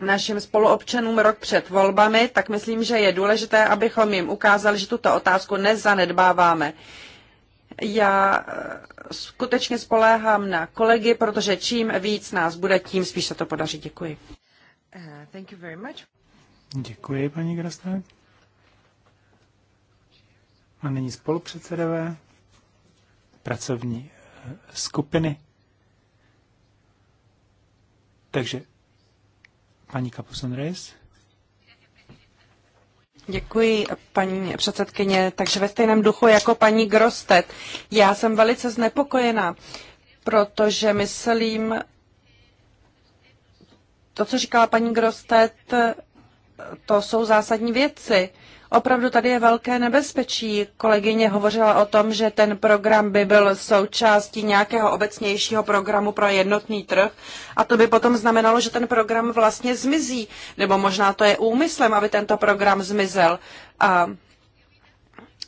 našim spoluobčanům rok před volbami, tak myslím, že je důležité, abychom jim ukázali, že tuto otázku nezanedbáváme. Já e, skutečně spoléhám na kolegy, protože čím víc nás bude, tím spíš se to podaří. Děkuji. Uh,
Děkuji, paní Grasné. A nyní spolupředsedové, pracovní skupiny. Takže paní Kapuson Reis.
Děkuji, paní předsedkyně. Takže ve stejném duchu jako paní Grostet. Já jsem velice znepokojená, protože myslím, to, co říkala paní Grostet, to jsou zásadní věci. Opravdu tady je velké nebezpečí. Kolegyně hovořila o tom, že ten program by byl součástí nějakého obecnějšího programu pro jednotný trh a to by potom znamenalo, že ten program vlastně zmizí, nebo možná to je úmyslem, aby tento program zmizel. A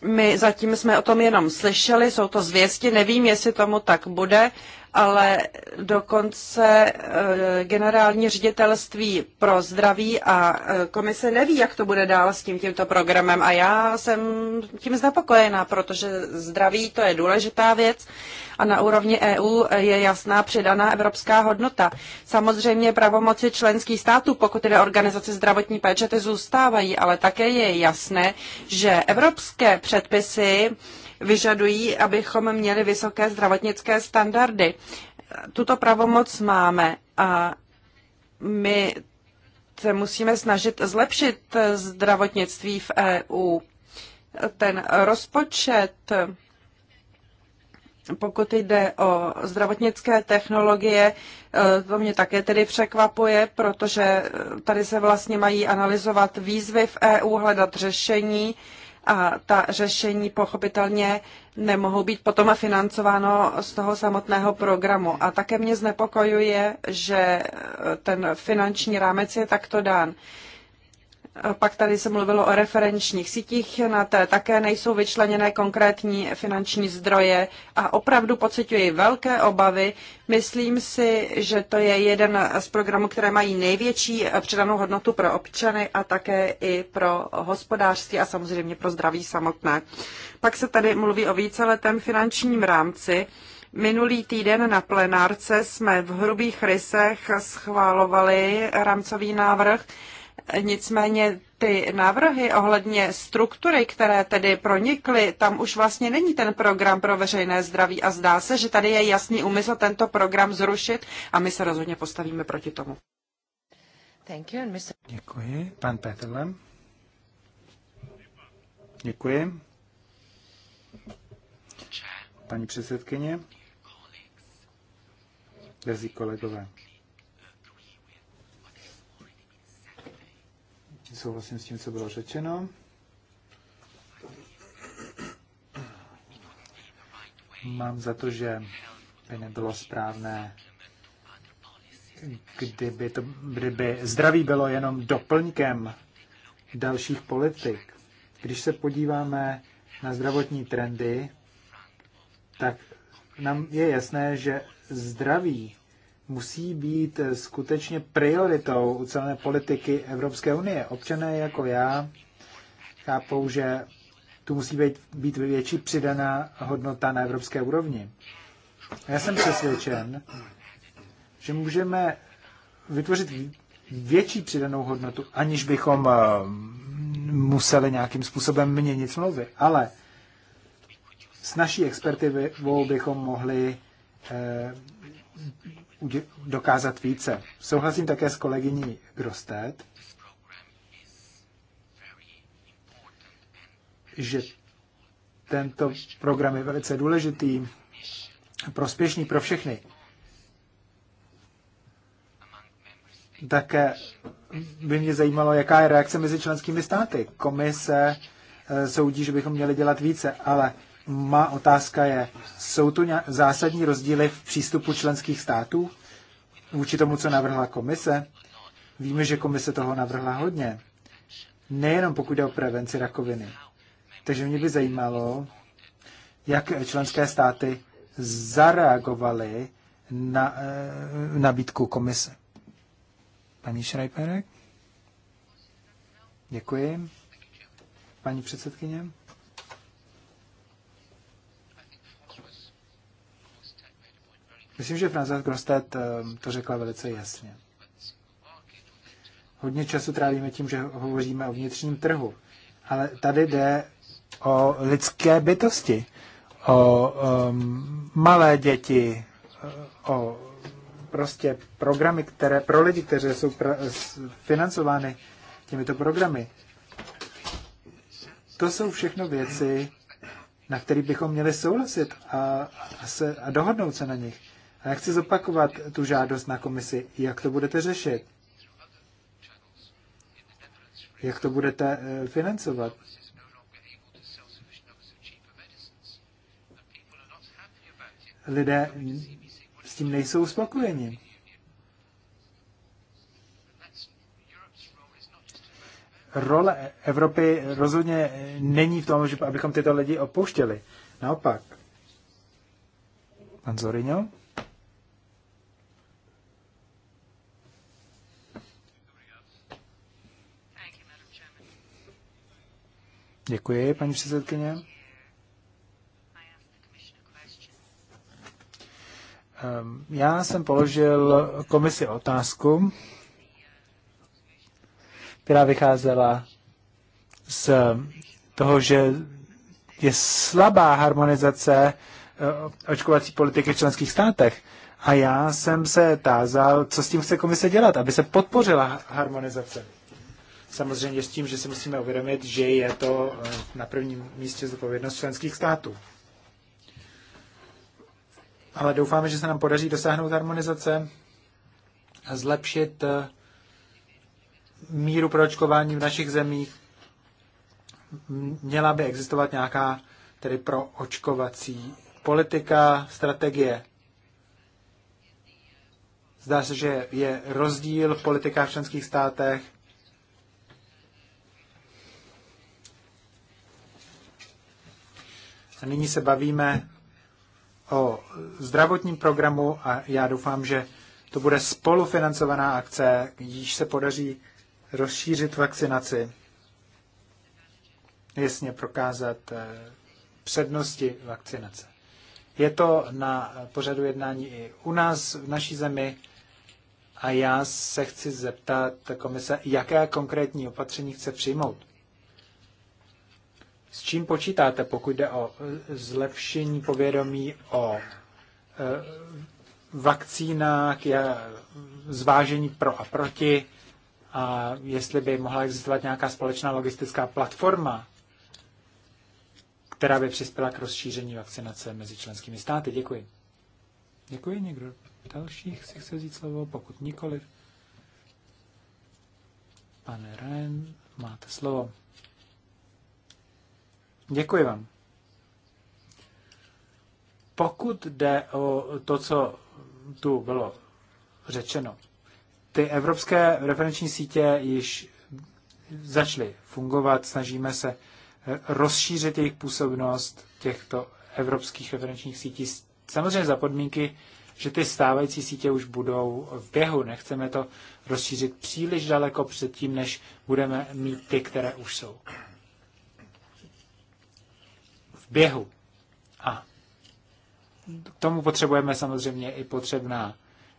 my zatím jsme o tom jenom slyšeli, jsou to zvěsti, nevím, jestli tomu tak bude ale dokonce eh, generální ředitelství pro zdraví a eh, komise neví, jak to bude dál s tím tímto programem a já jsem tím znepokojená, protože zdraví to je důležitá věc a na úrovni EU je jasná přidaná evropská hodnota. Samozřejmě pravomoci členských států, pokud tedy organizace zdravotní péče, ty zůstávají, ale také je jasné, že evropské předpisy vyžadují, abychom měli vysoké zdravotnické standardy. Tuto pravomoc máme a my se musíme snažit zlepšit zdravotnictví v EU. Ten rozpočet, pokud jde o zdravotnické technologie, to mě také tedy překvapuje, protože tady se vlastně mají analyzovat výzvy v EU, hledat řešení a ta řešení pochopitelně nemohou být potom financováno z toho samotného programu. A také mě znepokojuje, že ten finanční rámec je takto dán. Pak tady se mluvilo o referenčních sítích, na té také nejsou vyčleněné konkrétní finanční zdroje a opravdu pociťuji velké obavy. Myslím si, že to je jeden z programů, které mají největší přidanou hodnotu pro občany a také i pro hospodářství a samozřejmě pro zdraví samotné. Pak se tady mluví o víceletém finančním rámci. Minulý týden na plenárce jsme v hrubých rysech schválovali rámcový návrh Nicméně ty návrhy ohledně struktury, které tedy pronikly, tam už vlastně není ten program pro veřejné zdraví a zdá se, že tady je jasný úmysl tento program zrušit a my se rozhodně postavíme proti tomu. Thank you, Mr.
Děkuji. Pan Petrlem. Děkuji. Paní předsedkyně, Dezí kolegové, Souhlasím s tím, co bylo řečeno. Mám za to, že by nebylo správné, kdyby, to, kdyby zdraví bylo jenom doplňkem dalších politik. Když se podíváme na zdravotní trendy, tak nám je jasné, že zdraví musí být eh, skutečně prioritou u celé politiky Evropské unie. Občané jako já chápou, že tu musí být, být větší přidaná hodnota na evropské úrovni. Já jsem přesvědčen, že můžeme vytvořit větší přidanou hodnotu, aniž bychom eh, museli nějakým způsobem měnit smlouvy. Ale s naší expertivou bychom mohli Eh, dokázat více. Souhlasím také s kolegyní Grostet, že tento program je velice důležitý, prospěšný pro všechny. Také by mě zajímalo, jaká je reakce mezi členskými státy. Komise eh, soudí, že bychom měli dělat více, ale má otázka je, jsou tu zásadní rozdíly v přístupu členských států vůči tomu, co navrhla komise? Víme, že komise toho navrhla hodně. Nejenom pokud jde o prevenci rakoviny. Takže mě by zajímalo, jak členské státy zareagovaly na e, nabídku komise. Paní Šrajperek? Děkuji. Paní předsedkyně? Myslím, že Frances Grostet ehm, to řekla velice jasně. Hodně času trávíme tím, že hovoříme o vnitřním trhu, ale tady jde o lidské bytosti, o um, malé děti, o prostě programy, které pro lidi, kteří jsou pra, financovány těmito programy. To jsou všechno věci, na které bychom měli souhlasit a, a, se, a dohodnout se na nich. A já chci zopakovat tu žádost na komisi, jak to budete řešit. Jak to budete eh, financovat? Lidé s tím nejsou spokojeni. Role Evropy rozhodně není v tom, že abychom tyto lidi opouštěli. Naopak. Pan Zorino? Děkuji, paní předsedkyně. Ehm, já jsem položil komisi otázku, která vycházela z toho, že je slabá harmonizace eh, očkovací politiky v členských státech. A já jsem se tázal, co s tím chce komise dělat, aby se podpořila harmonizace. Samozřejmě s tím, že si musíme uvědomit, že je to eh, na prvním místě zodpovědnost členských států. Ale doufáme, že se nám podaří dosáhnout harmonizace a zlepšit eh, míru proočkování v našich zemích. Měla by existovat nějaká tedy proočkovací politika, strategie. Zdá se, že je rozdíl v politikách v členských státech A nyní se bavíme o zdravotním programu a já doufám, že to bude spolufinancovaná akce, když se podaří rozšířit vakcinaci, jasně prokázat eh, přednosti vakcinace. Je to na pořadu jednání i u nás, v naší zemi, a já se chci zeptat komise, jaké konkrétní opatření chce přijmout. S čím počítáte, pokud jde o e, zlepšení povědomí o e, vakcínách, zvážení pro a proti a jestli by mohla existovat nějaká společná logistická platforma, která by přispěla k rozšíření vakcinace mezi členskými státy. Děkuji. Děkuji. Někdo dalších si chce vzít slovo? Pokud nikoliv, pane Ren, máte slovo. Děkuji vám. Pokud jde o to, co tu bylo řečeno, ty evropské referenční sítě již začaly fungovat, snažíme se eh, rozšířit jejich působnost těchto evropských referenčních sítí. Samozřejmě za podmínky, že ty stávající sítě už budou v běhu. Nechceme to rozšířit příliš daleko předtím, než budeme mít ty, které už jsou běhu. A k tomu potřebujeme samozřejmě i potřebná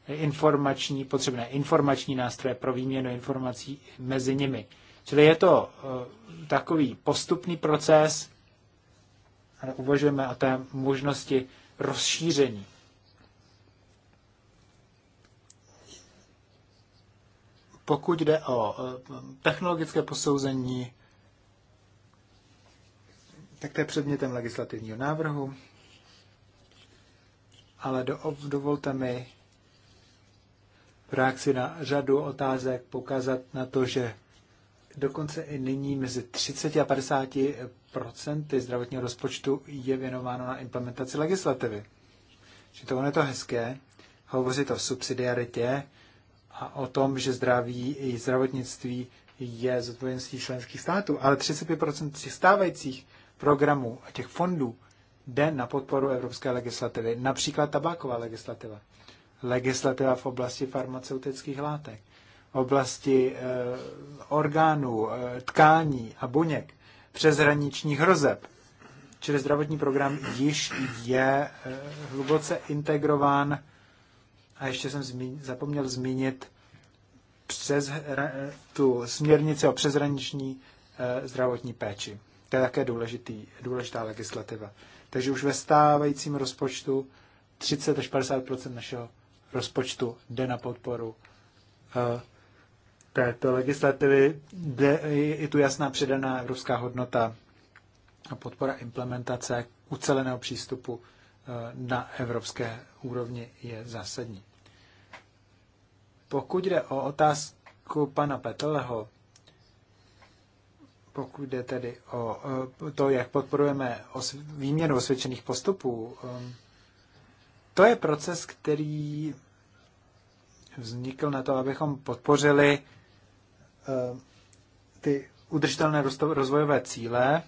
informační, potřebné informační nástroje pro výměnu informací mezi nimi. Čili je to eh, takový postupný proces, ale uvažujeme o té možnosti rozšíření. Pokud jde o eh, technologické posouzení tak to je předmětem legislativního návrhu. Ale do, dovolte mi v reakci na řadu otázek pokázat na to, že dokonce i nyní mezi 30 a 50 procenty zdravotního rozpočtu je věnováno na implementaci legislativy. Že to ono je to hezké, hovořit o subsidiaritě a o tom, že zdraví i zdravotnictví je zodpovědností členských států, ale 35% těch stávajících programů a těch fondů jde na podporu evropské legislativy, například tabáková legislativa, legislativa v oblasti farmaceutických látek, oblasti e, orgánů, e, tkání a buněk, přeshraničních hrozeb. Čili zdravotní program již je e, hluboce integrován a ještě jsem zmiň, zapomněl zmínit přes, tu směrnici o přeshraniční zdravotní péči. To je také důležitý, důležitá legislativa. Takže už ve stávajícím rozpočtu 30 až 50 našeho rozpočtu jde na podporu eh, této legislativy. Jde, je tu jasná předaná evropská hodnota a podpora implementace uceleného přístupu eh, na evropské úrovni je zásadní. Pokud jde o otázku pana Petleho, pokud jde tedy o eh, to, jak podporujeme výměnu osvědčených postupů, eh, to je proces, který vznikl na to, abychom podpořili eh, ty udržitelné rozvojové cíle,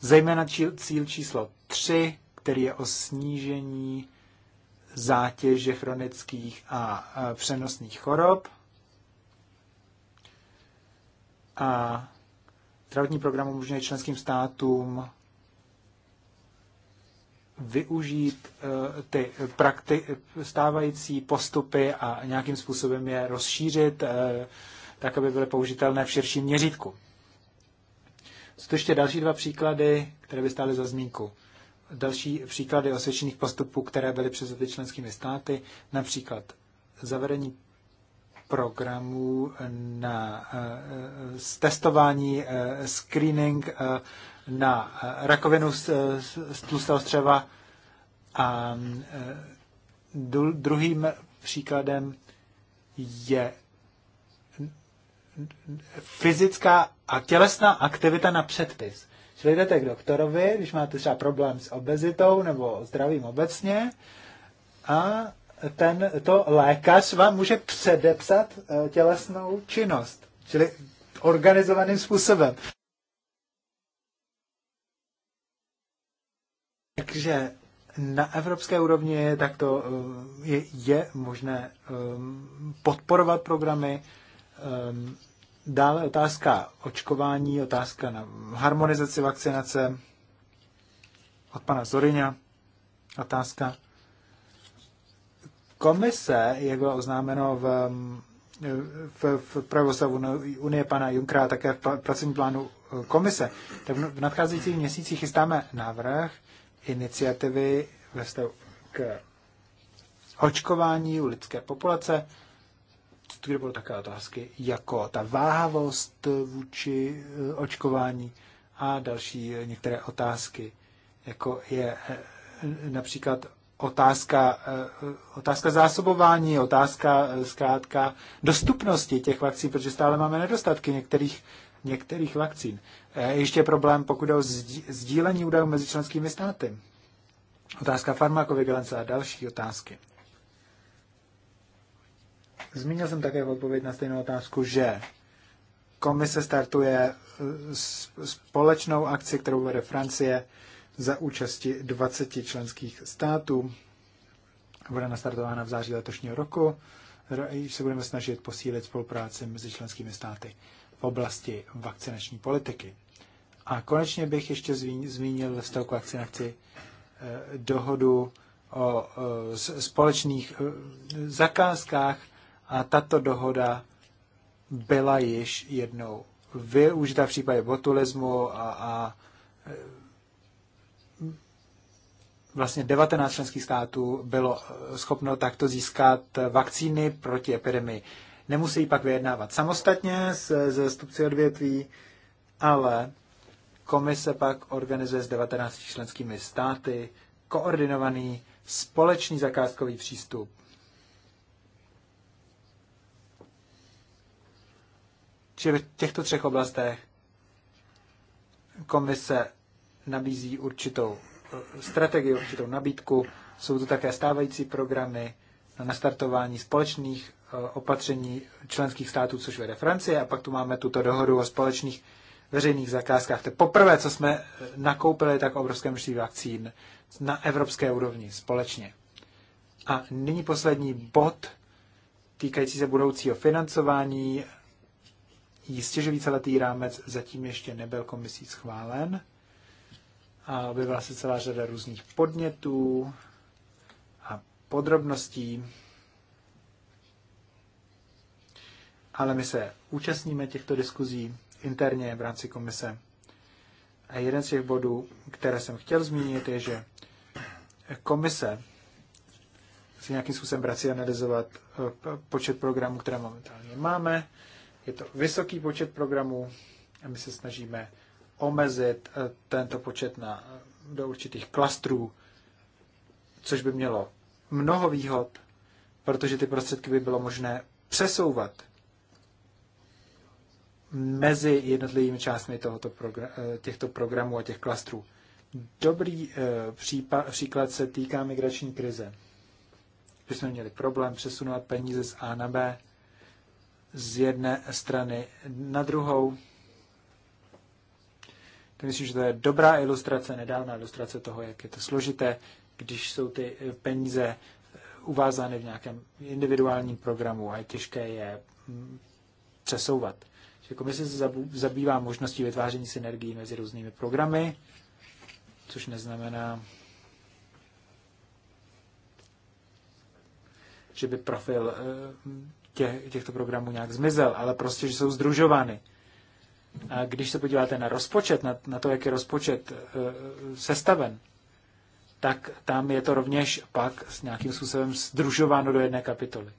zejména cíl číslo 3, který je o snížení zátěže chronických a přenosných chorob – a zdravotní program umožňuje členským státům využít eh, ty prakti- stávající postupy a nějakým způsobem je rozšířit, eh, tak aby byly použitelné v širším měřítku. Jsou to ještě další dva příklady, které by stály za zmínku. Další příklady osvědčených postupů, které byly převzaty členskými státy, například zavedení programů na eh, testování, eh, screening eh, na rakovinu z tlustého střeva. A druhým příkladem je fyzická a tělesná aktivita na předpis. Čili jdete k doktorovi, když máte třeba problém s obezitou nebo zdravím obecně a ten, to lékař vám může předepsat eh, tělesnou činnost, čili organizovaným způsobem. Takže na evropské úrovni tak to eh, je, je možné ehm, podporovat programy. Ehm, dále otázka očkování, otázka na harmonizaci vakcinace od pana Zorina. Otázka Komise, jak bylo oznámeno v, mm, v, v pravostavu no, Unie pana Junkra a také v pracovním plánu eh, komise, tak v nadcházejících měsících chystáme návrh iniciativy ve vztahu k očkování u lidské populace, kde budou také otázky jako ta váhavost vůči eh, očkování a další eh, některé otázky, jako je například otázka, eh, otázka zásobování, otázka eh, zkrátka dostupnosti těch vakcín, protože stále máme nedostatky některých, některých vakcín. Eh, ještě problém, pokud jde o sdílení údajů mezi členskými státy. Otázka farmakovigilance a další otázky. Zmínil jsem také v odpověď na stejnou otázku, že komise startuje společnou akci, kterou vede Francie za účasti 20 členských států. Bude nastartována v září letošního roku. Se budeme snažit posílit spolupráci mezi členskými státy v oblasti vakcinační politiky. A konečně bych ještě zmínil ve vztahu k vakcinaci eh, dohodu o eh, společných eh, zakázkách a tato dohoda byla již jednou využita v případě botulismu a, a vlastně 19 členských států bylo eh, schopno takto získat eh, vakcíny proti epidemii. Nemusí pak vyjednávat samostatně se zastupci odvětví, ale komise pak organizuje s 19 členskými státy koordinovaný společný zakázkový přístup. Či v těchto třech oblastech komise nabízí určitou strategii, určitou nabídku. Jsou tu také stávající programy na nastartování společných eh, opatření členských států, což vede Francie, a pak tu máme tuto dohodu o společných veřejných zakázkách. To je poprvé, co jsme eh, nakoupili tak obrovské množství vakcín na evropské úrovni společně. A nyní poslední bod týkající se budoucího financování. Jistě, že víceletý rámec zatím ještě nebyl komisí schválen a objevila se celá řada různých podnětů a podrobností. Ale my se účastníme těchto diskuzí interně v rámci komise. A jeden z těch bodů, které jsem chtěl zmínit, je, že komise si nějakým způsobem analyzovat eh, počet programů, které momentálně máme. Je to vysoký počet programů a my se snažíme omezit eh, tento počet na, eh, do určitých klastrů, což by mělo mnoho výhod, protože ty prostředky by bylo možné přesouvat mezi jednotlivými částmi tohoto progr- eh, těchto programů a těch klastrů. Dobrý případ, příklad se týká migrační krize. Když jsme měli problém přesunovat peníze z A na B z jedné strany na druhou, tak myslím, že to je dobrá ilustrace, nedávná ilustrace toho, jak je to složité, když jsou ty eh, peníze eh, uvázány v nějakém individuálním programu a je těžké je mm, přesouvat. Že komise se zabývá možností vytváření synergií mezi různými programy, což neznamená, že by profil eh, těch, těchto programů nějak zmizel, ale prostě, že jsou združovány. A když se podíváte na rozpočet, na, na to, jak je rozpočet e, sestaven, tak tam je to rovněž pak s nějakým způsobem združováno do jedné kapitoly.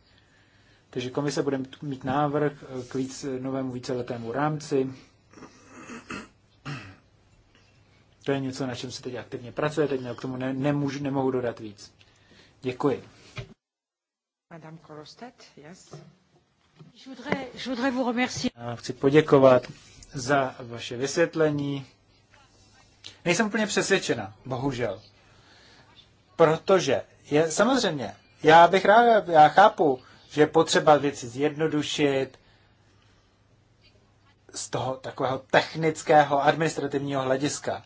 Takže komise bude mít návrh eh, k víc, novému víceletému rámci. To je něco, na čem se teď aktivně pracuje, teď k tomu ne, nemůžu, nemohu dodat víc. Děkuji.
Madame Korostet, yes.
Chci poděkovat za vaše vysvětlení. Nejsem úplně přesvědčena, bohužel. Protože je, samozřejmě, já bych rád, já chápu, že je potřeba věci zjednodušit z toho takového technického, administrativního hlediska.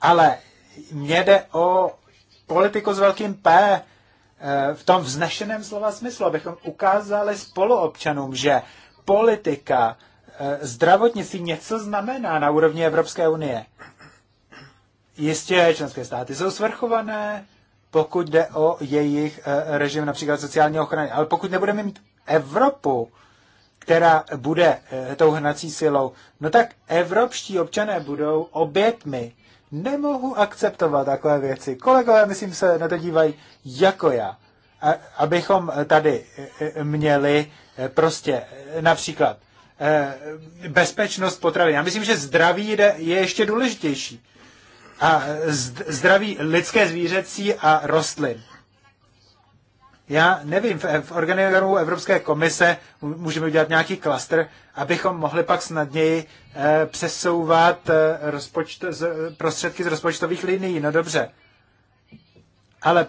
Ale mně jde o politiku s velkým P eh, v tom vznešeném slova smyslu, abychom ukázali spoluobčanům, že politika Eh, zdravotnictví něco znamená na úrovni Evropské unie. Jistě členské státy jsou svrchované, pokud jde o jejich eh, režim například sociální ochrany. Ale pokud nebudeme mít Evropu, která bude eh, tou hnací silou, no tak evropští občané budou obětmi. Nemohu akceptovat takové věci. Kolegové, myslím, se na to dívají jako já. A, abychom tady měli prostě například Eh, bezpečnost potravy. Já myslím, že zdraví je ještě důležitější. A zdraví lidské, zvířecí a rostlin. Já nevím, v organizaci Evropské komise můžeme udělat nějaký klaster, abychom mohli pak snadněji eh, přesouvat eh, rozpočt, prostředky z rozpočtových linií. No dobře. Ale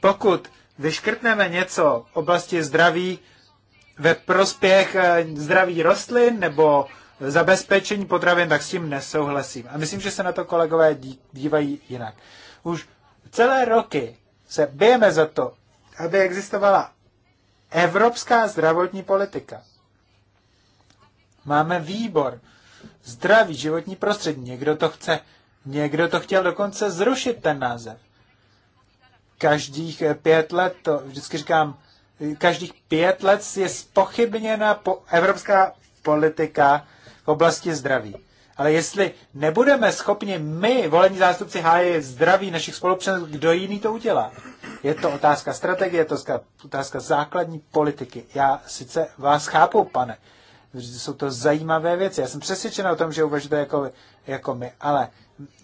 pokud vyškrtneme něco v oblasti zdraví, ve prospěch eh, zdraví rostlin nebo zabezpečení potravin, tak s tím nesouhlasím. A myslím, že se na to kolegové dívají jinak. Už celé roky se bijeme za to, aby existovala evropská zdravotní politika. Máme výbor, zdraví životní prostředí, někdo to chce, někdo to chtěl dokonce zrušit ten název. Každých eh, pět let, to vždycky říkám, každých pět let je spochybněna po, evropská politika v oblasti zdraví. Ale jestli nebudeme schopni my, volení zástupci, hájit zdraví našich spolupčanů, kdo jiný to udělá? Je to otázka strategie, je to otázka základní politiky. Já sice vás chápu, pane, jsou to zajímavé věci. Já jsem přesvědčen o tom, že uvažujete jako, jako my, ale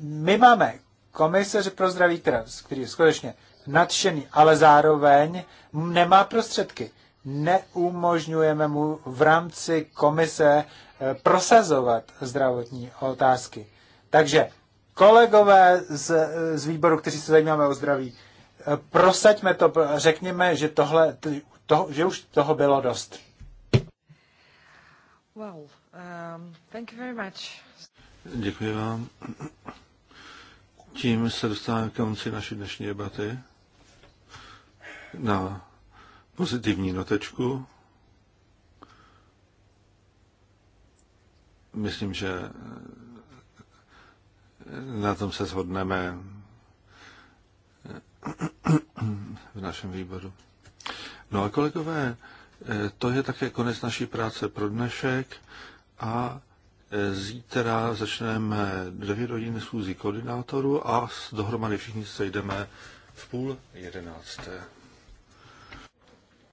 my máme komisaře pro zdraví, která, který skutečně nadšený, ale zároveň nemá prostředky. Neumožňujeme mu v rámci komise eh, prosazovat zdravotní otázky. Takže kolegové z, z výboru, kteří se zajímáme o zdraví, eh, prosaďme to, řekněme, že, tohle, to, že už toho bylo dost.
Well, um, thank you very much.
Děkuji
vám. Tím se dostáváme ke konci naší dnešní debaty na pozitivní notečku. Myslím, že na tom se shodneme v našem výboru. No a kolegové, to je také konec naší práce pro dnešek a zítra začneme dvě hodin schůzí koordinátorů a dohromady všichni sejdeme v půl jedenácté.